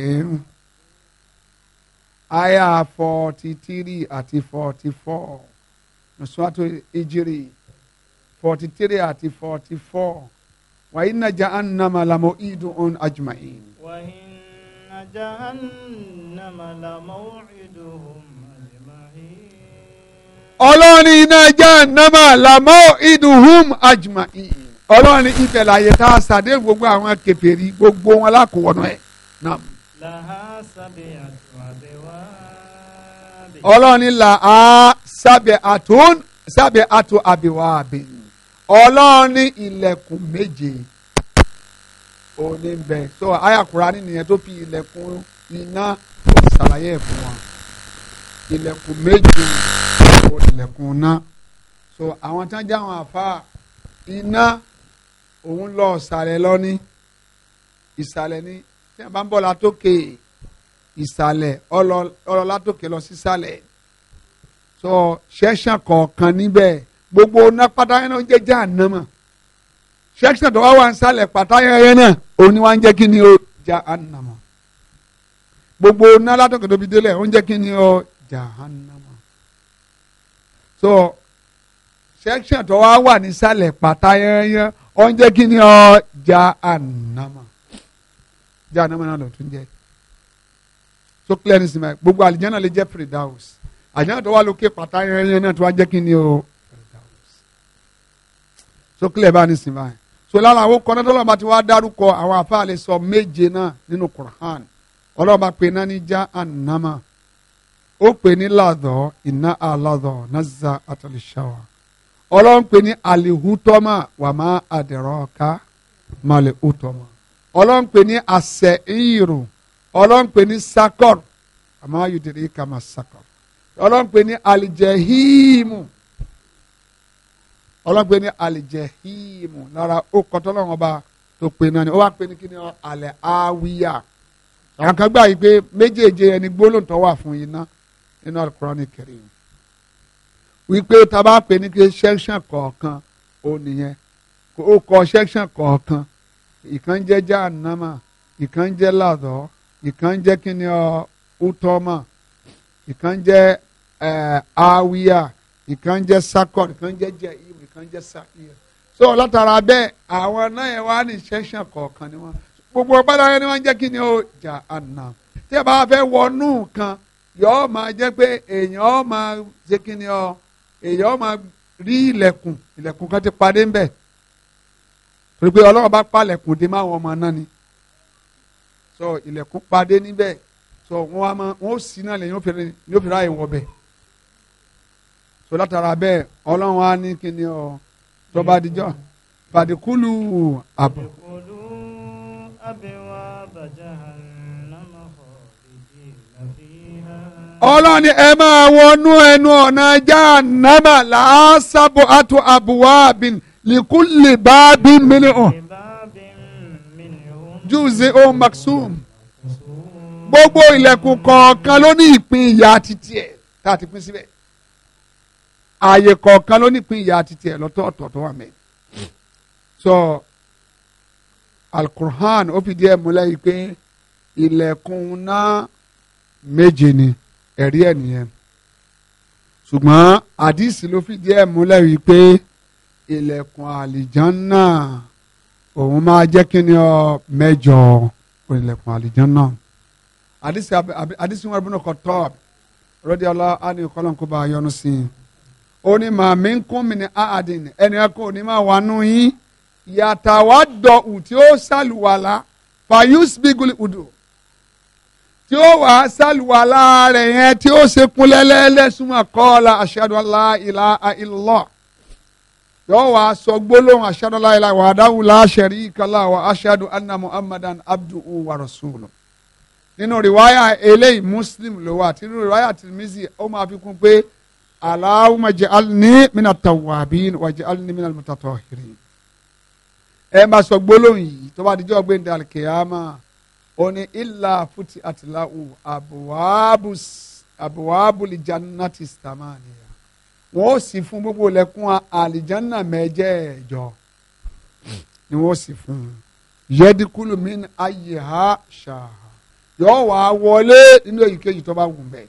àyà forty three àti forty four nùsùwàtò ìjírí forty three àti forty four wàyí nàjà ànàmà làmọ́ ìdùn ọ̀n àjùmáyé. wàyí ọlọ́ni iná jahannama làmọ́ ìdùhùm ajma'in ọlọ́ni ibẹ̀ láyé tá a sàdé gbogbo àwọn kèfèrí gbogbo wọn lákòwọ́nà ẹ̀ náà. ọlọ́ni là á sábẹ̀ àtún sábẹ̀ àtún àbẹ̀wò àbẹ̀ ọlọ́ni ilẹ̀kùn méje òní ń so àyà ni nìyẹn tó fi ilẹ̀kùn iná ó ṣàlàyé ẹ̀ fún wa ilẹ̀kùn méje ó ilẹ̀kùn iná so àwọn tí wọ́n jẹ́ àwọn àfa iná òun lọ ìsàlẹ̀ lọ́ní ìsàlẹ̀ ni tí wọ́n bá ń bọ̀ látòkè ìsàlẹ̀ ọlọ látòkè lọ sísàlẹ̀ so ṣẹ́ṣàn kọ̀ọ̀kan níbẹ̀ gbogbo nápátá yẹn ló ń jẹ́ jẹ́ ànámọ̀ section tó wá wà ń sálẹ̀ pàtàyẹyẹ náà òun ni wọ́n ń jẹ́ kí ni ó jahannama gbogbo nálátọ̀kẹ́ tóbi délẹ̀ ó ń jẹ́ kí ni ó jahannama so section tó wá wà ní sálẹ̀ pàtàyẹyẹ ó ń jẹ́ kí ni ó jahannama jahannama náà ló jẹ́ so clear ní sinmi gbogbo àlìjẹ́nà lè jẹ́ Firdaus àjẹ́nà tó wà lókè pàtàyẹyẹ náà tó wá jẹ́ kí ni ó so clear bá ní sinmi báyìí so lára àwọn kọ́nà tó lọ́ba ti wá dárúkọ àwọn àfáà lè sọ méje náà nínú Qur'an ọlọ́ba pè náà ní jahannama ó pè ní làdọ̀ iná àlàdọ̀ nàza àtàlẹ́sàwà ọlọ́run pè ní àlèhùtọ́mà wà má àdẹ̀rọ̀ọ́ká má lè hùtọ́mà ọlọ́run pè ní àṣẹ ìyìrù ọlọ́run pè ní sakor àmọ́ ayọ̀dẹ̀rẹ̀ kà má sakor ọlọ́run pè ní àlìjẹ̀hìmù ọlọ́gbẹ́ ní alìjẹ̀híìmù lára ó kọ́tọ́ lọ́wọ́ ọba tó pe náà ni ó wá pe ní kíni alẹ́ awíyà àwọn kan gbà yìí pé méjèèjì ẹni gbólóǹtọ́ wà fún iná nínú alukurani Karim wípé tá pe ní kí section kọ̀ọ̀kan ó nìyẹn ó kọ section kọ̀ọ̀kan ìkan jẹ́ jahannama ìkan jẹ́ làdọ́ ìkan jẹ́ kíni ọ utọ́mà ìkan jẹ́ sakọ ìkan jẹ́ jẹ́ kan jẹ́ sàkíyà so látara bẹ́ẹ̀ àwọn náà yẹn wá ní sẹ́sàn kọ̀ọ̀kan ni wọ́n gbogbo ọ̀páda yẹn ni wọ́n jẹ́ kí ni ó jà àná tí ẹ bá fẹ́ wọnú kan yọ̀ọ́ máa jẹ́ pé èèyàn máa ṣe kí ni ọ èèyàn máa rí ilẹ̀kùn ilẹ̀kùn kan ti padé ń torí pé ọlọ́run bá palẹ̀kùn dé máa wọn ọmọ náà ni so ilẹ̀kùn padé níbẹ̀ so wọ́n á máa wọ́n ó sí náà lẹ́yìn ó fi ráyè wọ so látara bẹ́ẹ̀ ọlọ́run á ní kíni ọ tó bá dijọ́ fàdíkùlù àbọ̀. ọlọ́run ni ẹ máa wọnú ẹnu ọ̀nà jahannama làásàbò àtò àbùwábìn lìkúlì bábí mílíọ̀n júùsì ó maksum gbogbo ilẹ̀kùn kọ̀ọ̀kan ló ní ìpín ìyà títí ẹ̀ tá a ti pín síbẹ̀ ààyè kọ̀ọ̀kan ló nípìn ìyá àti tiẹ̀ lọ́tọ̀ọ̀tọ̀ tó wà mẹ́. sọ alukur'an ó fi díẹ̀ múlẹ̀ yìí pé ilẹ̀kùn náà méje ni ẹ̀rí ẹ̀ nìyẹn ṣùgbọ́n àdìsí ló fi díẹ̀ múlẹ̀ yìí pé ilẹ̀kùn àlìjánná òun máa jẹ́ kí ni ọ mẹ́jọ ilẹ̀kùn àlìjánná àdìsí àdìsí wọn ibùdó kọ tọ́ọ̀bù rọ́díọ́lá á ní kọ́lọ́ǹkó bá yọnu sí i oni maame màmí aadin kún mi oni ma ẹnìkan kò ní máa wà nù yín yàtà wá dọ̀wù tí ó ṣàlùwàlà fayus udu tí ó wà ṣàlùwàlà rẹ̀ yẹn tí ó ṣe kúnlẹ́lẹ́lẹ́ súnmọ́ kọ́ọ̀lá ashadu alla ilaha illallah yóò wá sọ gbólóhùn ashadu alla ila wa adahu la sharika wa ashadu anna muhammadan abduhu wa rasuluhu nínú rìwáyà eléyìí muslim ló wà tí nínú rìwáyà tìrìmìsì ó máa fi kún pé aláwùmá jẹ alini mina tawabin wà jẹ alini mina mutatahirin ẹ máa sọ gbólóhùn yìí tó bá dijọ́ gbé ndé alikiyama ó ní ilà fúti àtìláwù àbúwábù àbúwábù lìjánátì sàmánìyà wọn ó sì fún gbogbo lẹ̀kùn àlìjánà mẹ́jẹ̀ẹ̀jọ ni wọn ó sì fún yẹdikulu min ayé ha ṣáà yọ wàá wọlé nínú èyíkéyìí tó bá wù bẹ́ẹ̀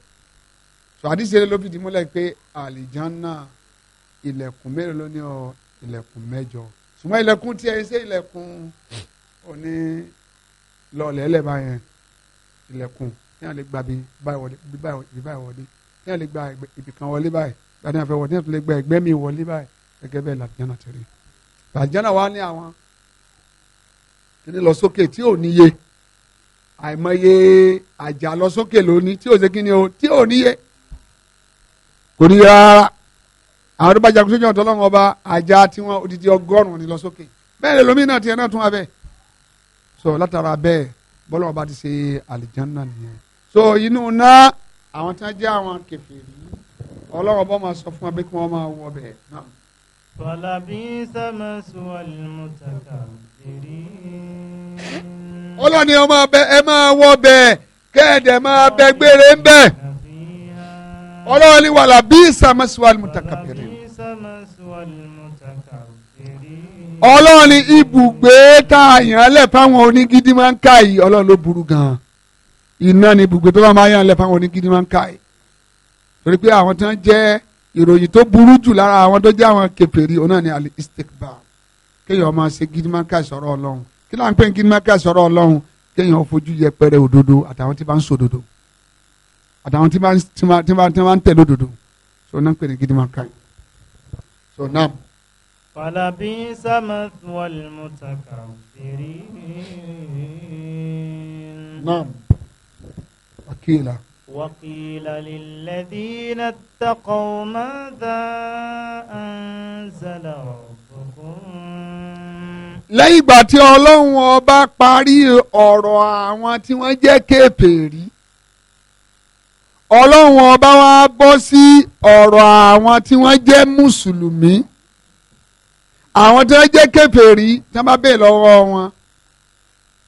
àdìsí eré ló fi di múlẹ̀ pé àlìjánná ilẹ̀kùn mélòó ló ní ọ ilẹ̀kùn mẹ́jọ ṣùgbọ́n ilẹ̀kùn tí ẹ ṣe ilẹ̀kùn òní lọ́ọ̀lẹ̀ ẹlẹ́bà yẹn ilẹ̀kùn ní àlè gba bí báyìí wọlé ní àlè gba ibì kan wọlé báyìí gbani àfẹ́ wọlé ní àtúlẹ̀ gba ẹgbẹ́ mi wọlé báyìí gẹ́gẹ́ bẹ́ẹ̀ làjánà ti rí làjánà wa ní àwọn kìnìún lọ sókè tí ò níye àìmọye àjà lọ sókè lónìí tí ò ṣe kí o tí ò níye kò ní rárá àwọn tó bá jagun sójú ọ̀tọ̀ ọlọ́run ọba ajá tí wọ́n odidi ọgọ́rùn-ún ni lọ sókè bẹ́ẹ̀ lè lómi náà tiẹ̀ náà tún wá bẹ́ẹ̀ so látara bẹ́ẹ̀ bọ́lá ọba ti ṣe àlìjánná nìyẹn so inú ná àwọn tí wọ́n jẹ́ àwọn kèfèrí ọlọ́run ọba máa sọ fún wa pé kí wọ́n máa wọ bẹ́ẹ̀ náà. ọlọ́ni ọmọ ẹ máa wọ bẹ́ẹ̀ kẹ́ẹ̀dẹ̀ máa bẹ gbére ń bẹ́ẹ̀ ọlọ́run ni wàhálà bí sàmásùwàl mùtàkàbìrì ọlọ́run ni ibùgbé tá a yàn lẹ̀ fáwọn onígídí máa ń ká yìí ọlọ́run ló burú gan-an iná ni ibùgbé tó bá máa yàn lẹ̀ fáwọn onígídí máa ń ká yìí torí pé àwọn tí wọ́n jẹ́ ìròyìn tó burú jù lára àwọn tó jẹ́ àwọn kèfèrí ọ̀nà ni àlè istikbar kéèyàn máa ṣe gídímákà sọ̀rọ̀ ọlọ́run kí láà ń pè gídímákà ọlọ́run kéèyàn fojú yẹpẹrẹ òdodo àtàwọn tí bá ń sòdodo àtàwọn tí wọ́n ń tẹ̀lé òdodo so náà ń pè ní gidi máa ká yìí so náà. falabi samathwal mutakabbirin. naam wakila. وقيل للذين اتقوا ماذا أنزل ربكم lẹ́yìn ìgbà tí ọlọ́run ọba parí ọ̀rọ̀ àwọn tí wọ́n jẹ́ kèfèrí ọlọ́run ọba wa bọ́ sí ọ̀rọ̀ àwọn tí wọ́n jẹ́ mùsùlùmí àwọn tí wọ́n jẹ́ kèfèrí tí wọ́n bá bèè lọ́wọ́ wọn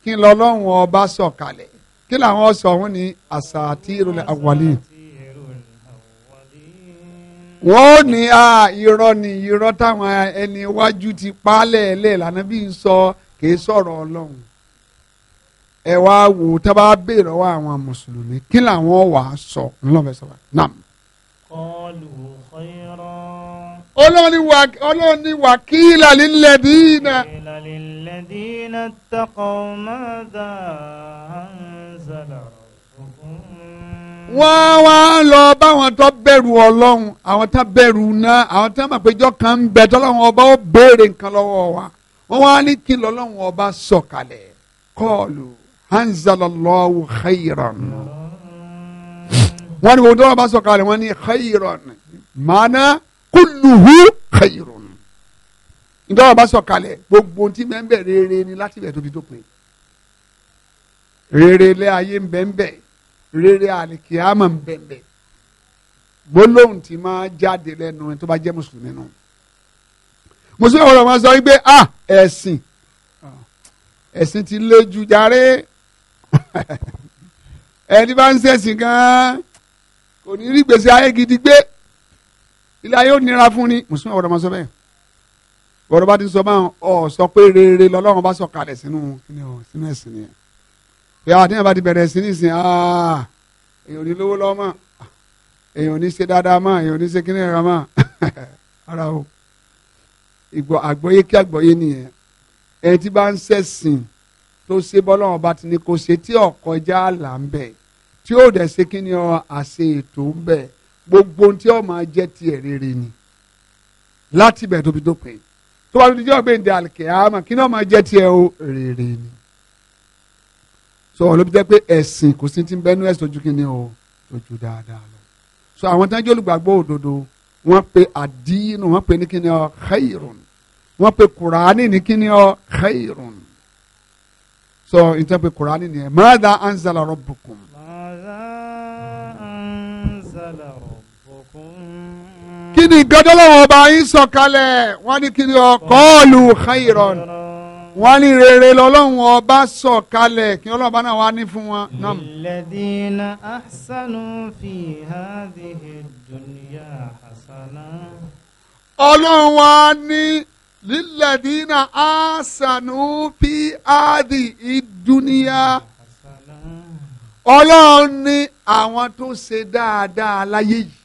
kí lọ́lọ́run ọba sọ̀kalẹ̀ kí làwọn sọ wọn ní asatirul awwalin wọ́n ò ní irọ́ ni irọ́ táwọn ẹni iwájú ti pa á lẹ́ẹ̀lẹ́ẹ̀ lànà bí n sọ kì í sọ̀rọ̀ ọlọ́run ẹ wá wò tá a bá béèrè lọ́wọ́ àwọn mùsùlùmí kí làwọn wà á sọ ńlọfẹ sọ nam. kọlù khayran. olóòní wà kí ìlàlí lẹ́dínà. ìlàlí lẹ́dínà taqaw madha anzala rabbukum. wá lọ báwọn tó bẹ̀rù ọlọ́run àwọn tó bẹ̀rù náà àwọn tó mọ̀ péjọ kan ń bẹ tọ́lọ́run ọba ó béèrè nǹkan lọ́wọ́ wa wọ́n wá ní kí lọ́lọ́run ọba sọ̀kalẹ̀ kọ́ọ̀lù anzalallahu khayran wọ́n ní wòtí wọ́n bá sọ̀kalẹ̀ wọ́n ní khayran màánà kulluhu khayran nítorí wọ́n bá sọ̀kalẹ̀ gbogbo tí mẹ́ ń bẹ̀ rere ni láti bẹ̀ tóbi tó pin rere ilé ayé ń bẹ̀ ń bẹ̀ rere àlìkíyàmà ń bẹ̀ ń bẹ̀ gbólóhùn tí máa jáde lẹ́nu ẹni tó bá jẹ́ mùsùlùmí nù mùsùlùmí ọ̀rọ̀ wọn sọ wípé ah ẹ̀sìn ẹ̀sìn ti lé ju jàre (laughs) ẹni bá ń ṣẹ̀sìn gan-an kò ní rí gbèsè ayé gidi gbé ilé ayé ò nira fún ni mùsùlùmí ọ̀rọ̀ máa sọ bẹ́ẹ̀ ọ̀rọ̀ bá ti sọ báwọn ọ̀ sọ pé rere lọ́lọ́run bá sọ kalẹ̀ sínú sínú ẹ̀sìn nìyẹn pé àwọn àdéhùn bá ti bẹ̀rẹ̀ sí nísìn èèyàn ní lówó lọ́wọ́ èèyàn ní ṣe dáadáa mọ́ èèyàn ní ṣe kíní ẹ̀rọ mọ́ ara (laughs) o ìgbọ́ àgbọ́yé kí àgbọ́yé nìyẹn ẹni tí bá ń ṣẹ̀sìn tó ṣe bọ́lọ́wọ́n bá ti ní kó ṣe tí ọ̀kọjá là ń bẹ̀ tí ó dẹ̀ ṣe kí ni ọ àṣe ètò ń bẹ̀ gbogbo tí ó máa jẹ́ tiẹ̀ rere ni láti bẹ̀ tóbi tó pè tó bá ti jẹ́ ọ̀gbìn dè àlùkìyámà kí ni ó máa jẹ́ tiẹ̀ o rere ni. sọ wọn ló fi jẹ́ pé ẹ̀sìn kò sí ti ń bẹ́nu ẹ̀sìn ojú kí ni o ojú dáadáa lọ. sọ àwọn tí wọ́n jẹ́ olùgbàgbọ́ òdodo wọ́n pe àdínù wọ́n pe ní kí ni ọ khairun wọ́n pe kùránì ní kí ni ọ khairun so n tẹ́ pé kurani nìyẹn mada anzala rabbukum. mada anzala rabbukum. kí ni gọ́dọ́lọ́wọ́ ọba yín sọ̀kalẹ̀ wọ́n ní kí ni ọ kọ́ọ̀lù khayron wọ́n ní rere lọ́lọ́run ọba sọ̀kalẹ̀ kí ọlọ́ba náà wá ní fún wọn. lilladhina ahsanu fi hadhihi dunya hasana. ọlọ́run wa ní. للذين àṣànú في هذه الدنيا ọlọ́run ní àwọn tó ṣe dáadáa láyé yìí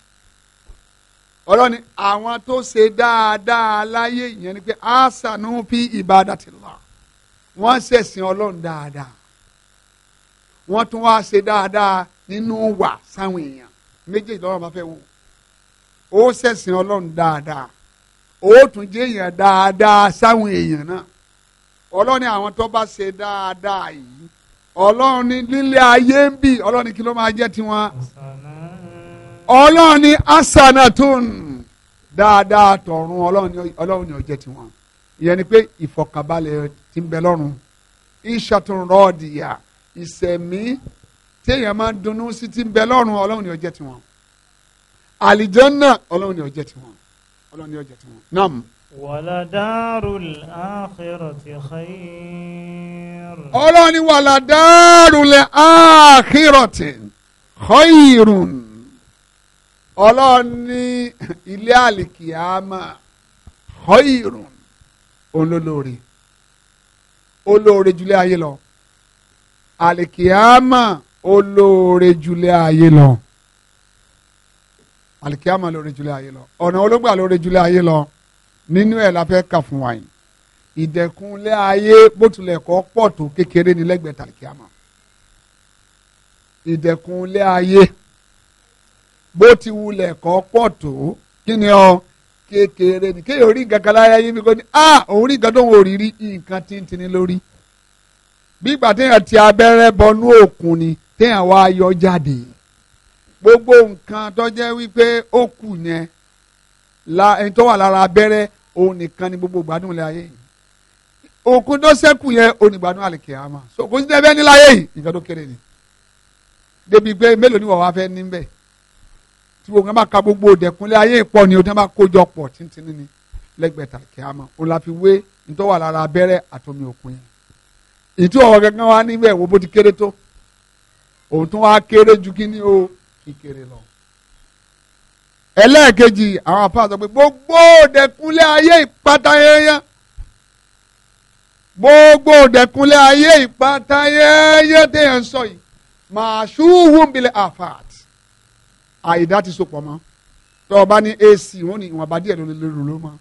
ọlọ́run ní àwọn tó ṣe dáadáa láyé yìí yẹn ni pé àṣànú fi ibadatillah wọ́n ṣẹ̀sìn ọlọ́run dáadáa wọ́n tún wá ṣe dáadáa nínú wà sáwọn èèyàn méjèèjì lọ́rọ̀ bá fẹ́ wò ó ṣẹ̀sìn ọlọ́run dáadáa ó tún jẹ́ èèyàn dáadáa sáwọn èèyàn náà ọlọ́run ní àwọn tó bá ṣe dáadáa yìí ọlọ́run ní nílé ayé ń bì ọlọ́run kí ló máa jẹ́ tiwọn ọlọ́run ní asanatun dáadáa tọ̀run ọlọ́run ní ó jẹ́ tiwọn ìyẹn ni pé ìfọ̀kànbalẹ̀ ti ń bẹ lọ́run ìṣàtún rọ́ọ̀dìyà ìṣẹ̀mí tí èèyàn máa ń dunnú sí ti ń bẹ lọ́run ọlọ́run ní ó tiwọn àlìjẹ́ náà ọlọ́run ní ó tiwọn ọlọ́run ní ọjà tí wọn. nam. wàládàrúl àkírọ̀tì khayr. ọlọ́run ní wàládàrúl àkírọ̀tì khayrun. ọlọ́run ní ilé àlìkìyàmà khayrun olólórí olóore jùlẹ̀ ayé lọ àlìkìyàmà olóore jùlẹ̀ ayé lọ alikiyama lórí julẹ ayé lọ ọ̀nà ológbà lórí julẹ ayé lọ nínú ẹ̀ la fẹ́ kà fún wa yìí ìdẹ̀kùnlẹ̀ ayé bó tilẹ̀ kọ́ pọ̀ tó kékeré ní lẹ́gbẹ̀ẹ́ tàlìkíyàmà ìdẹ̀kùnlẹ̀ ayé bó ti wulẹ̀ kọ́ pọ̀ tó kí ni ọ kékeré ní kéèyàn rí nǹkan kan láyé yín kó ní a òun rí nǹkan tó ń wò rírí nǹkan tíntìn lórí bí ìgbà téèyàn ti abẹ́rẹ́ bọnú òkun ni téèyàn wá yọ jáde yìí gbogbo nǹkan tó jẹ́ wípé ó kù yẹn la ẹni tó wà lára abẹ́rẹ́ òun nìkan ni gbogbo gbádùn ilé ayé yìí òkun tó sẹ́kù yẹn onígbádùn àlèkè àmà so sí ẹbẹ́ nílá yìí nǹkan tó kéré ni débi pé mélòó ni wọ́n wá fẹ́ ní bẹ́ẹ̀ tí wọ́n bá ka gbogbo òdẹ̀kúnlé ayé ìpọ̀ ni òun bá kójọ pọ̀ títí ní lẹ́gbẹ̀ta àlèkè àmà òun la fi wé nítorí wà lára abẹ́rẹ́ àtomi òkun yẹn ìtú ọ̀rọ̀ gangan wá níbẹ̀ wo bó ti kéré tó òun tún wá kéré ju kí ni o kékeré lọ. ẹlẹ́ẹ̀kejì àwọn àfáà sọ pé gbogbo òdẹ̀kúnlé ayé ìpátá yẹ́yẹ́ gbogbo òdẹ̀kúnlé ayé ìpátá yẹ́yẹ́ téèyàn sọ yìí màá ṣùhùn bílẹ̀ àfàt àìdá ti so pọ̀ mọ́ tọ́ ọba ní ac wọn ni ìwọ̀nba díẹ̀ lórí ló mọ́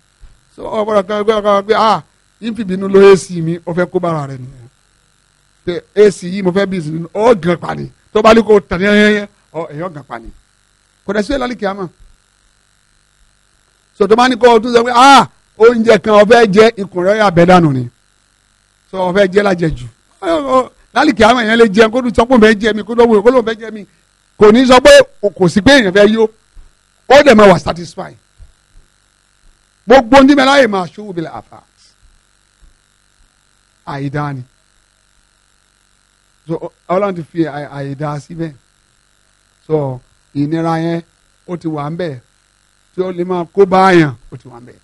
so ọ̀pọ̀lọpọ̀ kan gbé ọkọ̀ gbé ah ìfìbínú ló ac mi ó fẹ́ kó bára rẹ̀ nìyẹn ac yìí mo fẹ́ bí ìsìn ó gan pani tó bá ní kó tàn yẹn ọ èyàn gàn pa ni kò dẹ̀ sí ẹ̀ lálẹ́ kíámà sọtọ́ máa ní kọ́ ọdún sọ pé ah oúnjẹ kan ọ̀fẹ́ jẹ ikùn rẹ̀ yà bẹ́ dànù ni sọ ọ̀fẹ́ jẹ lájẹ jù lálẹ́ kíámà èyàn lè jẹ kó dùn sọ́kùn bẹ́ẹ̀ jẹ mi kó dọ̀wọ́ kó lóun bẹ́ẹ̀ jẹ mi kò ní sọ pé kò sí pé èyàn fẹ́ yó ó dẹ̀ máa wà satisfied gbogbo ndí mẹ́lá yìí máa ṣòwò bíi àfà àìdá ni ọlọ́run ti fi àìdá síbẹ̀ sọ ìnira yẹn ó ti wà ń bẹ̀ tí ó lè máa kó báyàn ó ti wà ń bẹ̀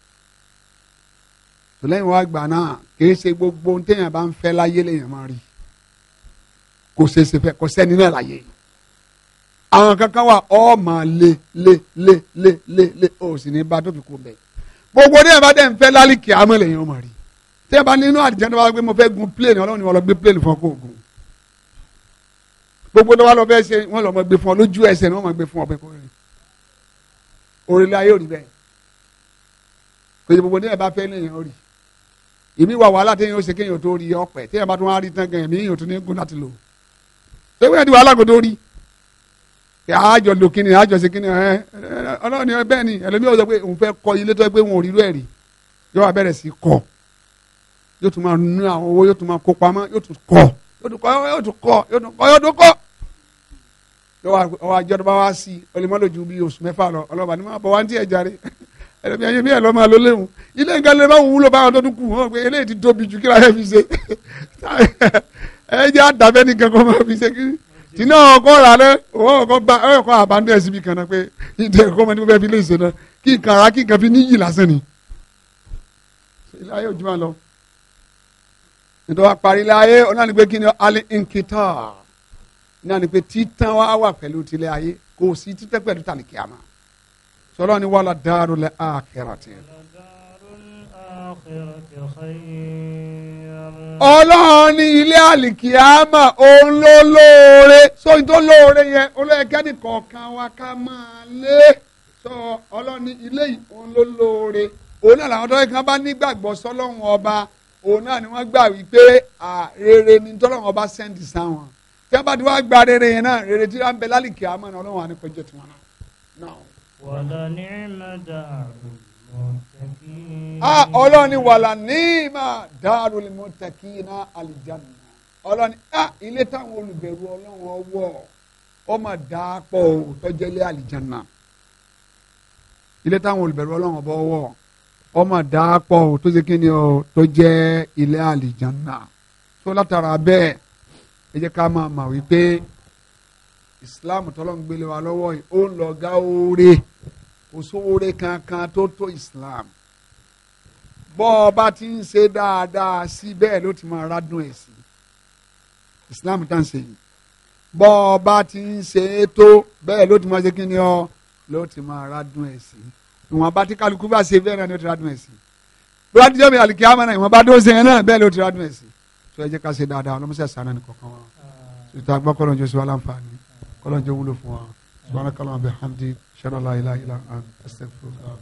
lẹ́yìn wá gbà náà kìí ṣe gbogbo ohun téèyàn bá ń fẹ́ láyé lèèyàn máa rí kò ṣe ṣe fẹ́ kò sẹ́ni náà láyé àwọn kankan wà ọ́ máa lé lé lé lé lé lé ó sì ní bá tó fi kó bẹ́ẹ̀ gbogbo téèyàn bá dẹ̀ ń fẹ́ lálìkì àmọ́ lèèyàn máa rí téèyàn bá nínú àdìjẹ́ tó bá gbé mo fẹ́ gun plane ọlọ́run ni wọ́n lọ gbé plane fún ọkọ̀ ògùn gbogbo náà wà lọ bẹ́ẹ̀ ṣe wọ́n lọ́ọ́ mọ̀ gbé fún ọ lójú ẹsẹ̀ ni wọ́n mọ̀ gbé fún ọ pé kò rí òrèlè ayé òrí bẹ́ẹ̀ pèsè gbogbo níyẹn bá fẹ́ léyìn òrì ìmí wà wàhálà téèyàn ó ṣe kéèyàn tó rí ọpẹ téèyàn bá tún wá rí tán gan ẹ̀mí èèyàn tó ní gún láti lò ṣé wíyẹn ti wàhálà kò tó rí àjọ lò kíni àjọ ṣe kíni ẹ ọlọ́run ni bẹ́ẹ̀ ni ẹlòmíì ó sọ pé òun fẹ́ kọ́ ilé tó yẹ pé wọn ò rí rẹ̀ rí yóò wá bẹ̀rẹ̀ sí kọ́ yóò tún máa nú àwọn owó yóò tún máa kó pamọ́ yóò tún kọ́ yóò tún kọ́ yóò tún kọ́ yóò tún kọ́ yóò tún kọ́ ọwọ́ àjọdọ̀ bá wá sí olùmọ́lòjú bíi oṣù mẹ́fà lọ ọlọ́ba ni máa bọ̀ wá ní tiẹ̀ járe ẹlẹ́mi ayé mi ẹ̀ lọ́ máa lọ léwu ilé nǹkan lè má wúlò báwọn tó tún kù wọ́n pé eléyìí ti tóbi jù kíra ẹ̀ fi ṣe (laughs) ẹ jẹ́ nìkan kọ́ máa fi ṣe kí tìǹà ọkọ rà lẹ ọkọ bá ọkọ àbánú síbi kan náà pé ìdè ẹ̀kọ́ mọ́ ni mo fẹ́ fi lè ṣe náà kí nǹkan ara kí nǹkan fi níyì lásán ni ilé ayé òjúmọ́ lọ nítorí parí ilé ayé ọ̀nà ni pé kí ni alẹ́ nkìtà náà ni pé títàn wa wà pẹ̀lú tilẹ̀ ayé kò sí títẹ́ pẹ̀lú tàlíkì àmà sọlọ́ ni wàhálà dàrú lẹ́ àkẹ́rọ̀tì. ọlọ́run ní ilé àlìkíyàmà òun ló lóore sóyún tó lóore yẹn olóyèkéni kọ̀ọ̀kan wa ká máa lé sọ ọlọ́run ní ilé yìí òun ló lóore òun náà làwọn tọ́lá kan bá nígbàgbọ́ sọlọ́run ọba òun náà ni wọ́n gbà wípé rere ni tọ́lọ́run ọba sẹ́ǹdì sáwọn tí a bá ti wá gba rere yẹn náà rere tí a ń bẹ lálìkí àmọ́ náà ọlọ́run àní pẹ́jọ tiwọn náà. wàlà ní mẹ́ta àrùnmọ̀tẹ́kì. ọlọ́run ni wàlà ní mà dáàrú mọ̀tẹ́kì náà àlìjáde ah, ọlọ́run ni ah, ilé táwọn olùbẹ̀rù ọlọ́run ọwọ́ ọ mà dáa pọ̀ tọ́jẹ́lé àlìjáde ilé táwọn olùbẹ̀rù ọlọ́run ọwọ́ ọ mà dáa pọ̀ tó ṣe kí ni ọ tó ilé àlìjáde tó látara bẹ́ẹ̀ ẹ jẹ́ ká máa mà wípé islam tọ́lọ́ngbélé wa lọ́wọ́ yìí ó ń lọ gá oore kò sóore kankan tó tó islam bọ́ ọ bá ti ń ṣe dáadáa sí bẹ́ẹ̀ ló ti máa rádùn ẹ̀ sí islam tá à ń ṣe yìí bọ́ ọ bá ti ń ṣe é tó bẹ́ẹ̀ ló ti máa ṣe kí ni ọ ló ti máa rádùn ẹ̀ sí ìwọ̀n bá ti kálukú bá ṣe bẹ́ẹ̀ náà ló ti rádùn ẹ̀ bí wọ́n ti jẹ́ mi àlìkí àmọ́ ìwọ̀n bá dó ṣe yẹn náà bẹ́ẹ̀ ló ti rádùn ẹ̀ sọ ẹ jẹ́ ká ṣe dáadáa ọlọ́mọṣẹ́ sànà ní kọ̀ọ̀kan wa ìta gbọ́ kọ́lọ́n jọ síwájú àǹfààní kọ́lọ́n jọ wúlò fún wa subahana kọ́lọ́n abẹ hamdi sẹ́nọ́lá ilá ilá and astaghfirullah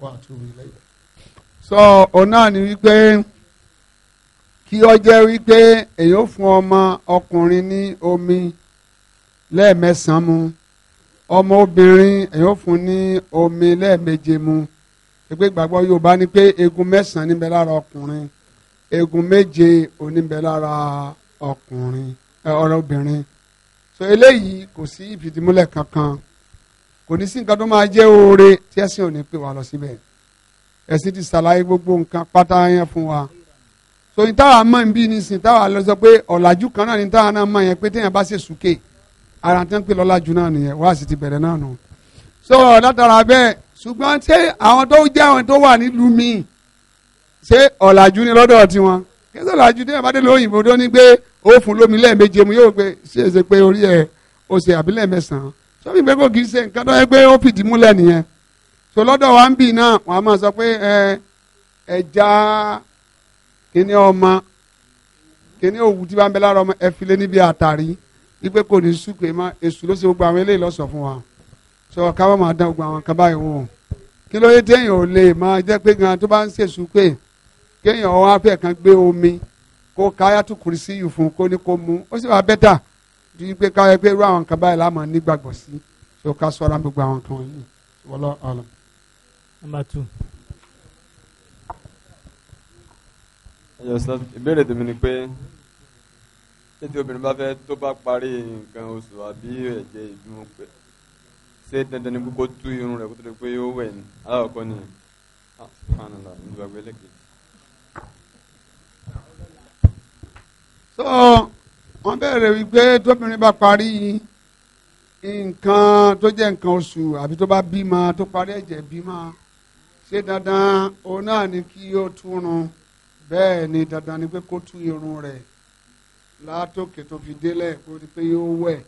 wa atubu ilayhi. sọ ọ̀nà ni wípé kí ọ jẹ́ wípé èyàn fún ọmọ ọkùnrin ní omi lẹ́ẹ̀mẹ́sàn-án mu ọmọ obìnrin èyàn fún ní omi lẹ́ẹ̀méje mu ẹgbẹ́ ìgbàgbọ́ Yorùbá ni pé egun mẹ́sàn-án níbẹ̀ lára ọkùnrin egun méje oníbẹ̀ lára ọkùnrin ọ̀rọ̀ obìnrin so eléyìí kò sí ìfìdímúlẹ̀ kankan kò ní sí nǹkan tó máa jẹ́ oore tí ẹ̀sìn ò ní pè wá lọ síbẹ̀ ẹ̀sìn ti ṣàlàyé gbogbo nǹkan pátá yẹn fún wa so ní táwa mọ̀ níbí nísìnyí táwa lọ sọ pé ọ̀làjú kan náà ní táwa náà mọ̀ yẹn pé téèyàn bá ṣe sùkè ara tí wọ́n pè lọ́làjú náà nìyẹn wá sì ti bẹ̀rẹ̀ náà nù so látara bẹ́ẹ̀ ṣùgbọ́n ṣé àwọn tó jẹ́ àwọn tó wà nílùú míì ṣé ọ̀làjú ni lọ́dọ̀ tiwọn kí ṣe ọ̀làjú tí ìyàbá délé òyìnbó tó ní gbé ó fún lómi lẹ́ẹ̀méje mu yóò gbé ṣe é ṣe pé orí ẹ̀ ó ṣe àbílẹ̀ mẹ́sàn-án sọ́bì pé kò kì í ṣe nǹkan tó yẹ pé ó fìdí múlẹ̀ nìyẹn tó lọ́dọ̀ wa ń bì náà wọ́n á máa sọ pé ẹ ẹja kíní ọmọ kíní òwú tí bá bẹ lára ọmọ ẹ file níbi àtàrí wípé kò ní sùn pé èṣù ló ṣe gbogbo àwọn eléyìí lọ́sọ̀ fún wa sọ káwọn máa dán gbogbo àwọn kan báyìí wò kí ló dé téèyàn ò lè máa jẹ́ pé gan tó bá ń ṣèṣù kéèyàn wá fẹ́ kan gbé omi kó káyàtú kùrìsí yìí fún kó ní kó mú ó sì wá bẹ́tà ju pé káyọ̀ pé irú àwọn kan báyìí láàmú nígbàgbọ́ sí so ká sọ ọ́nà gbogbo àwọn kan yìí wọlọ́ ọ̀lọ́. number two. ìbéèrè tèmi ni pé ṣé tí obìnrin bá fẹ́ tó bá parí nǹkan oṣù àbí ẹ̀jẹ̀ ìbímọ pé ṣé dandan ni kókó tú irun rẹ̀ kó tó di pé ó wẹ̀ ní aláwọ̀ kọ́ nìyẹn. ah subhanallah nígbàgbé lẹ́kẹ̀ẹ́. so wọ́n bẹ̀rẹ̀ wípé tóbìnrin bá parí nǹkan tó jẹ́ nǹkan oṣù àbí tó bá bímọ tó parí ẹ̀jẹ̀ bímọ ṣé dandan òun náà ni kí ó túrun bẹ́ẹ̀ ni dandan ni pé kó tú irun rẹ̀ látòkè tó fi délẹ̀ kó di pé yóò wẹ̀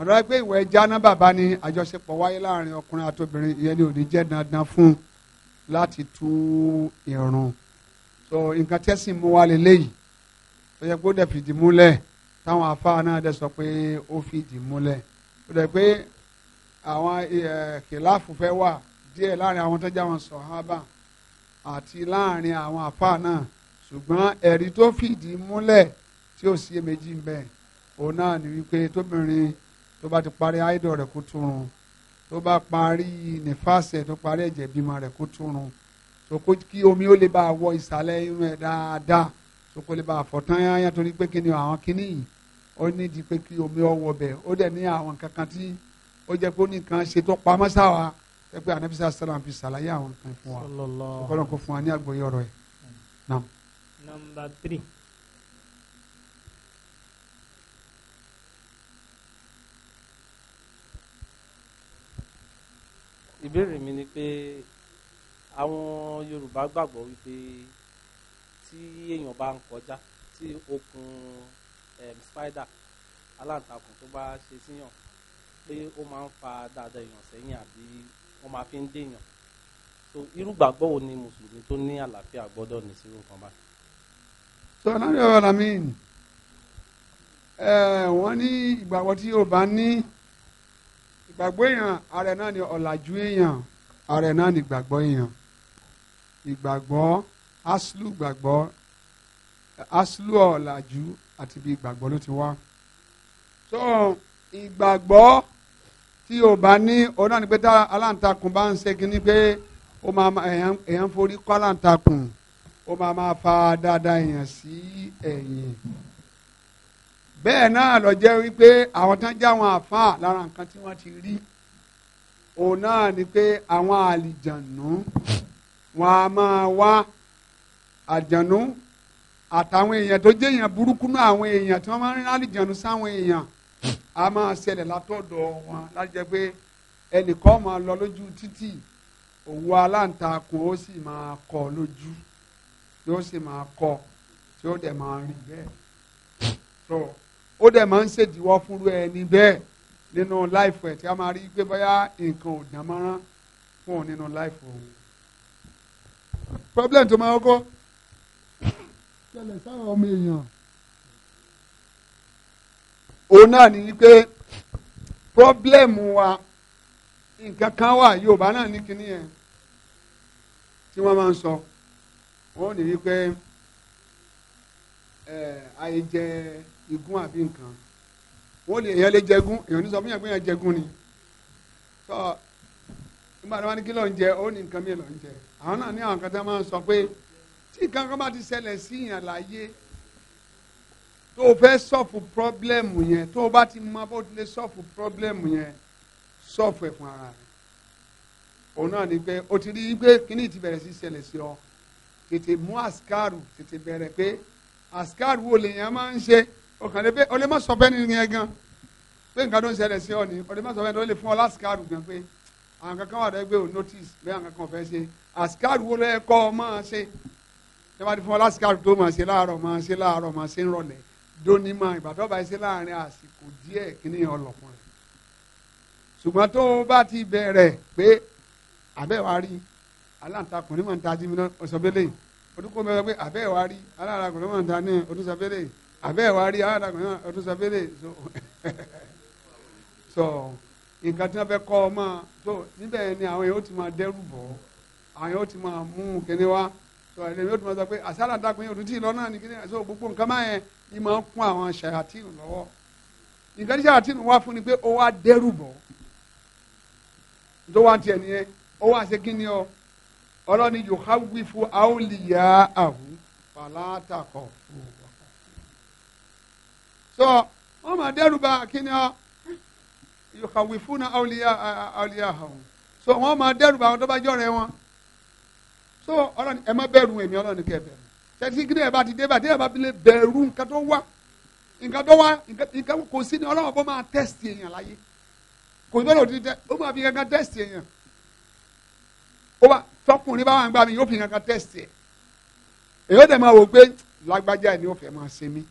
ọ̀rọ̀ ẹgbẹ́ ìwẹ̀ jáná bàbá ni àjọṣepọ̀ wáyé láàrin ọkùnrin àtòbìnrin ìyẹn ni ò ní dandan fún láti tú irun so nǹkan tẹ́sìn mú wa lélẹ́yìí tó yẹ kó dẹ̀ fìdí múlẹ̀ táwọn afáà náà dẹ̀ sọ pé ó fìdí múlẹ̀ ó dẹ̀ pé àwọn kìláàfù fẹ́ wà díẹ̀ láàrin àwọn tó jẹ́ àwọn sọ̀hábà àti láàrin àwọn afáà náà ṣùgbọ́n ẹ̀rí tó fìdí múlẹ̀ tí ò sí èméjì ń bẹ òun náà ni wípé tóbìnrin tó bá ti parí áìdọ̀ rẹ̀ kó túrun tó bá parí nífàsẹ̀ tó parí ẹ̀jẹ̀ bímọ rẹ̀ kó túrun tó kó kí omi ó lè bá wọ ìsàlẹ̀ irun ẹ̀ dáadáa tó kó lè bá fọ́ tán yányá torí pé kí ni àwọn kíní ó ní di pé kí omi ọwọ́ bẹ̀ ó dẹ̀ ní àwọn kankan tí ó jẹ́ pé ó ní nǹkan ṣe tó pamọ́ sáwa ẹ pé anabi sá sálàm fi ṣàlàyé àwọn nǹkan fún wa ọkọlọ kò fún wa ní àgbọ́yé ọ̀rọ̀ ẹ̀ nam. number three. ìbéèrè mi ni pé àwọn Yorùbá gbàgbọ́ wípé tí èèyàn bá ń kọjá tí okùn spider aláǹtakùn tó bá ṣe síyàn pé ó máa ń fa dáadáa èèyàn sẹ́yìn àbí wọ́n máa fi ń dèèyàn so irú gbàgbọ́ wo ni mùsùlùmí tó ní àlàáfíà gbọ́dọ̀ ní sírò kan báyìí. sọ náà yóò rà mí wọ́n ní ìgbàgbọ́ tí yóò bá ní ìgbàgbọ́ èèyàn ààrẹ náà ni ọ̀làjú èèyàn ààrẹ náà ni ìgbàgbọ́ èèyàn ìgbàgbọ́ aslu gbàgbọ́ aslu ọ̀làjú àti bí gbàgbọ́ ló ti wá. so ìgbàgbọ́ tí o bá ní òun náà ni pé tá aláǹtakùn bá ń ṣe kínní pé ó máa èèyàn forí kọ́ aláǹtakùn ó máa máa fa dáadáa èèyàn sí ẹ̀yìn. bẹ́ẹ̀ náà lọ jẹ́ wípé àwọn tán já àwọn àfáà lára nǹkan tí wọ́n ti rí òun ni pé àwọn àlìjànú wọn a máa wá àjànú àtàwọn èèyàn tó jẹ́ èèyàn burúkú náà àwọn èèyàn tí wọ́n máa ń rán àjànú sáwọn èèyàn a máa ṣẹlẹ̀ látọ̀dọ̀ wọn láti jẹ́ pé ẹnìkan máa lọ lójú títì òwú aláǹtakùn ó sì máa kọ lójú yóò sì máa kọ tí ó dẹ̀ máa rìn bẹ́ẹ̀ tó ó dẹ̀ máa ń ṣèdíwọ́ fúnrú ẹni bẹ́ẹ̀ nínú láìfù ẹ̀ tí a máa rí pé bóyá nǹkan ò dán mọ́rán fún òun nínú láìfù òun. problem tó máa kọ́ ṣẹlẹ̀ sáwọn ọmọ èèyàn. òun náà ni pé pọ́blẹ́mù wa nǹkan kan wà Yorùbá náà ní kinní yẹn tí wọ́n máa ń sọ wọ́n ní wípé eh, àyè jẹ igún àbí nǹkan wọ́n lè èèyàn lè jẹgún èèyàn ní sọ fún yàn pé yàn jẹgún ni tọ́ nígbà ní kí ló ń jẹ ó ní nǹkan mi ń jẹ àwọn náà ní àwọn kan tí wọ́n máa ń sọ pé tí kankan bá ti ṣẹlẹ̀ sí yàn láyé tó o fẹ́ sọ̀fù pírọ́blẹ́mù yẹn tó o bá ti mọ bó ti lè sọ̀fù pírọ́blẹ́mù yẹn sọ̀fù ẹ̀ fún ara rẹ̀ òun náà ni pé o ti rí i pé kíní ti bẹ̀rẹ̀ sí ṣẹlẹ̀ sí ọ tètè mú àsìkáàrù tètè bẹ̀rẹ̀ pé àsìkáàrù wo lèèyàn máa ń ṣe ọkàn lè pé o lè má sọ bẹ́ẹ̀ nìyẹn gan pé nǹkan tó ń ṣẹlẹ̀ sí ọ ni o lè má sọ bẹ́ẹ̀ ni o lè fún ọ lásìkáàrù gan pé àwọn kankan wà lẹ́gbẹ̀ẹ́ o notice bẹ́ẹ̀ àwọn kankan fẹ́ ṣe àsìkáàrù wo lẹ́ẹ̀kọ́ ọ máa ṣe tẹ́wá ti fún wọn lásìkò àti tó máa ṣe láàárọ̀ máa ṣe láàárọ̀ máa ṣe ń rọlẹ̀ dóní máa ìbàdàn bá ṣe láàrin àsìkò díẹ̀ kíní ọlọ́pàá rẹ̀ ṣùgbọ́n tó bá ti bẹ̀rẹ̀ pé àbẹ́wá rí aláǹtakùn ní màá ta jí mi náà ọ̀sọ̀bẹ́lẹ̀ odúkọ́ pé àbẹ́wá aláǹtakùn ní màá ta ní ọdúnṣàbẹ́lẹ̀ àbẹ́wá aláǹtakùn ní ọdúnṣàbẹ́lẹ̀ (laughs) so nǹkan tí wọ́n fẹ́ kọ́ ọ máa tó níbẹ̀ ni àwọn yóò ti máa dẹ́rù bọ̀ àwọn yóò ti máa mú kíní tó àlẹ́ mi ó tún máa sọ pé àṣàlà dàgbọ́n yẹn ò tún tí ì lọ náà ní kíni àṣọ gbogbo nǹkan máa yẹn ni máa ń kún àwọn ṣàyàtìnù lọ́wọ́ nǹkan tí ṣàyàtìnù wá fún ni pé ó wá dẹ́rù bọ̀ tó wá tiẹ̀ nìyẹn ó wá ṣe kí ni ọ ọlọ́ni yóò há wí fún àólìyá wọn máa dẹ́rù bá kí ni ọ yóò há wí fún àólìyá wọn máa dẹ́rù bá àwọn tó bá wọn so ọlọ́ni ẹ má bẹ̀rù èmi ọlọ́ni kẹ bẹ̀rù tẹ̀sí kí ni ẹ bá ti dé bá dé ẹ bá ti lè bẹ̀rù nǹkan tó wá nǹkan tó wá nǹkan kò sí ni ọlọ́wọ́ bó máa tẹ̀sì èèyàn láyé kò gbọ́dọ̀ ti tẹ ó máa fi kankan tẹ̀sì èèyàn ó bá tọkùnrin bá wà ń gbà mí yóò fi kankan tẹ̀sì ẹ̀ èyí ó dẹ̀ máa wò pé lágbájá ẹ̀ ni ó fẹ́ máa ṣe mí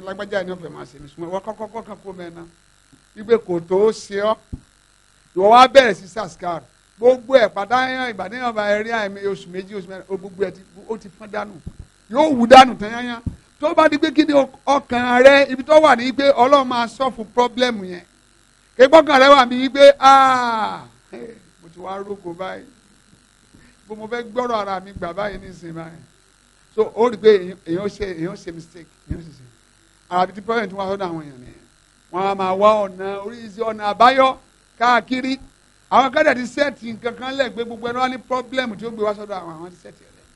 lágbájá ẹ̀ ni ó fẹ́ máa ṣe mí ṣùgbọ́n wọ́n kọ́kọ́ kọ́kọ́ kó mẹ́ẹ̀ná ibẹ̀ kò tó ṣe ọ́ ìwọ gbogbo ẹ̀ pàtàyàn ìbàdàn bá rí àìmí oṣù méjì oṣù mẹ́rin gbogbo ẹ̀ ó ti fọ́n dànù yóò wù dànù tẹ́yányán tó bá di pé kí ni ọkàn rẹ ibi tó wà ní pé ọlọ́run máa sọ́ọ̀fù pọ́blẹ́mù yẹn kégbọ́kàn rẹ wà mí wípé ah, mo ti wá rógo báyìí bó mo fẹ́ gbọ́rọ̀ ara mi gbà báyìí nísìnyí báyìí so ó rí i pé èèyàn ṣe èèyàn ṣe mistake èèyàn ṣe ṣe àbí tí pọ́blẹ́mù tí wọ́n sọ́dọ̀ àwọn èèyàn nìyẹn wọ́n á máa wá ọ̀nà oríṣiríṣi ọ̀nà àbáyọ káàkiri àwọn akẹ́dẹ̀ ti sẹ́ẹ̀tì nǹkan kan lẹ̀ gbé gbogbo ẹni wọn ní pọ́blẹ́mù tí ó gbé wá sọ́dọ̀ àwọn àwọn ti sẹ́ẹ̀tì ẹ̀ lẹ̀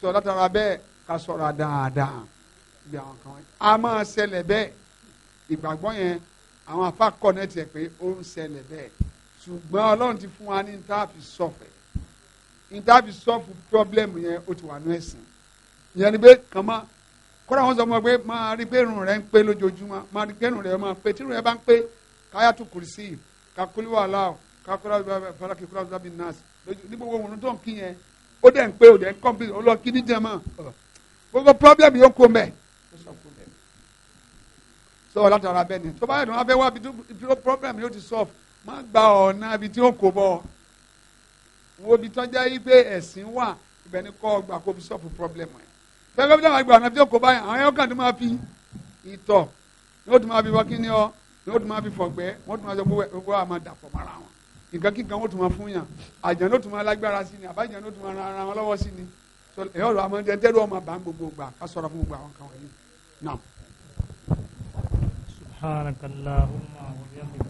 sọ látara bẹ́ẹ̀ ká sọ̀rọ̀ dáadáa bí àwọn kan wọ́n a máa ṣẹlẹ̀ bẹ́ẹ̀ ìgbàgbọ́ yẹn àwọn afá kọ́nẹ́tì ẹ̀ pé ó ń ṣẹlẹ̀ bẹ́ẹ̀ ṣùgbọ́n ọlọ́run ti fún wa ní ní táàfi sọ̀fẹ̀ ní táàfi sọ̀fù pọ́blẹ́mù yẹn ó ti wà ní ẹ̀sìn ìyẹn ni pé kàn máa kódà wọn sọ fún wa pé máa rí pé irun rẹ ń pé lójoojúmọ́ máa rí pé irun rẹ máa pé tí irun rẹ bá ń pé káyà tó kùrì yìí kakuli wàhálà o kakura eh, eh, falaki kura zabi nasi ní gbogbo wọn tó ń kí yẹn ó dẹ̀ ń pé ó dẹ̀ ń kọ́mpì ọlọ́ kí ní jẹ́mọ́ gbogbo pọ́blẹ́mù yóò kó mẹ́ sọ látara bẹ́ẹ̀ ni tó bá yẹ kí wọ́n fẹ́ wá pọ́blẹ́mù yóò ti sọ má gba ọ̀nà ibi tí ó kó bọ̀ wo ibi tó jẹ́ ipe ẹ̀sìn wà ibẹ̀ ni kọ́ gbà kó fi sọ́ọ̀fù pọ́blẹ́mù ẹ̀ fẹ́fẹ́ bí wọ́n gba ọ̀nà ibi tí kó báyìí àwọn yẹn wọ́n tún máa fi fọ̀gbẹ́ wọ́n tún máa sọ pé gbogbo àwọn máa dàpọ̀ mọ́ra wọn nǹkan kíkan wọ́n tún máa fún yàn àjàn ló tún máa lágbára sí ni àbájàn ló tún máa ran ara wọn lọ́wọ́ sí ni ẹ̀yọ́ ọ̀rọ̀ àwọn ẹ̀dẹ́ tẹ́lú ọmọ bá ń gbogbo gbà ká sọ̀rọ̀ fún gbogbo àwọn kan wọ̀nyí.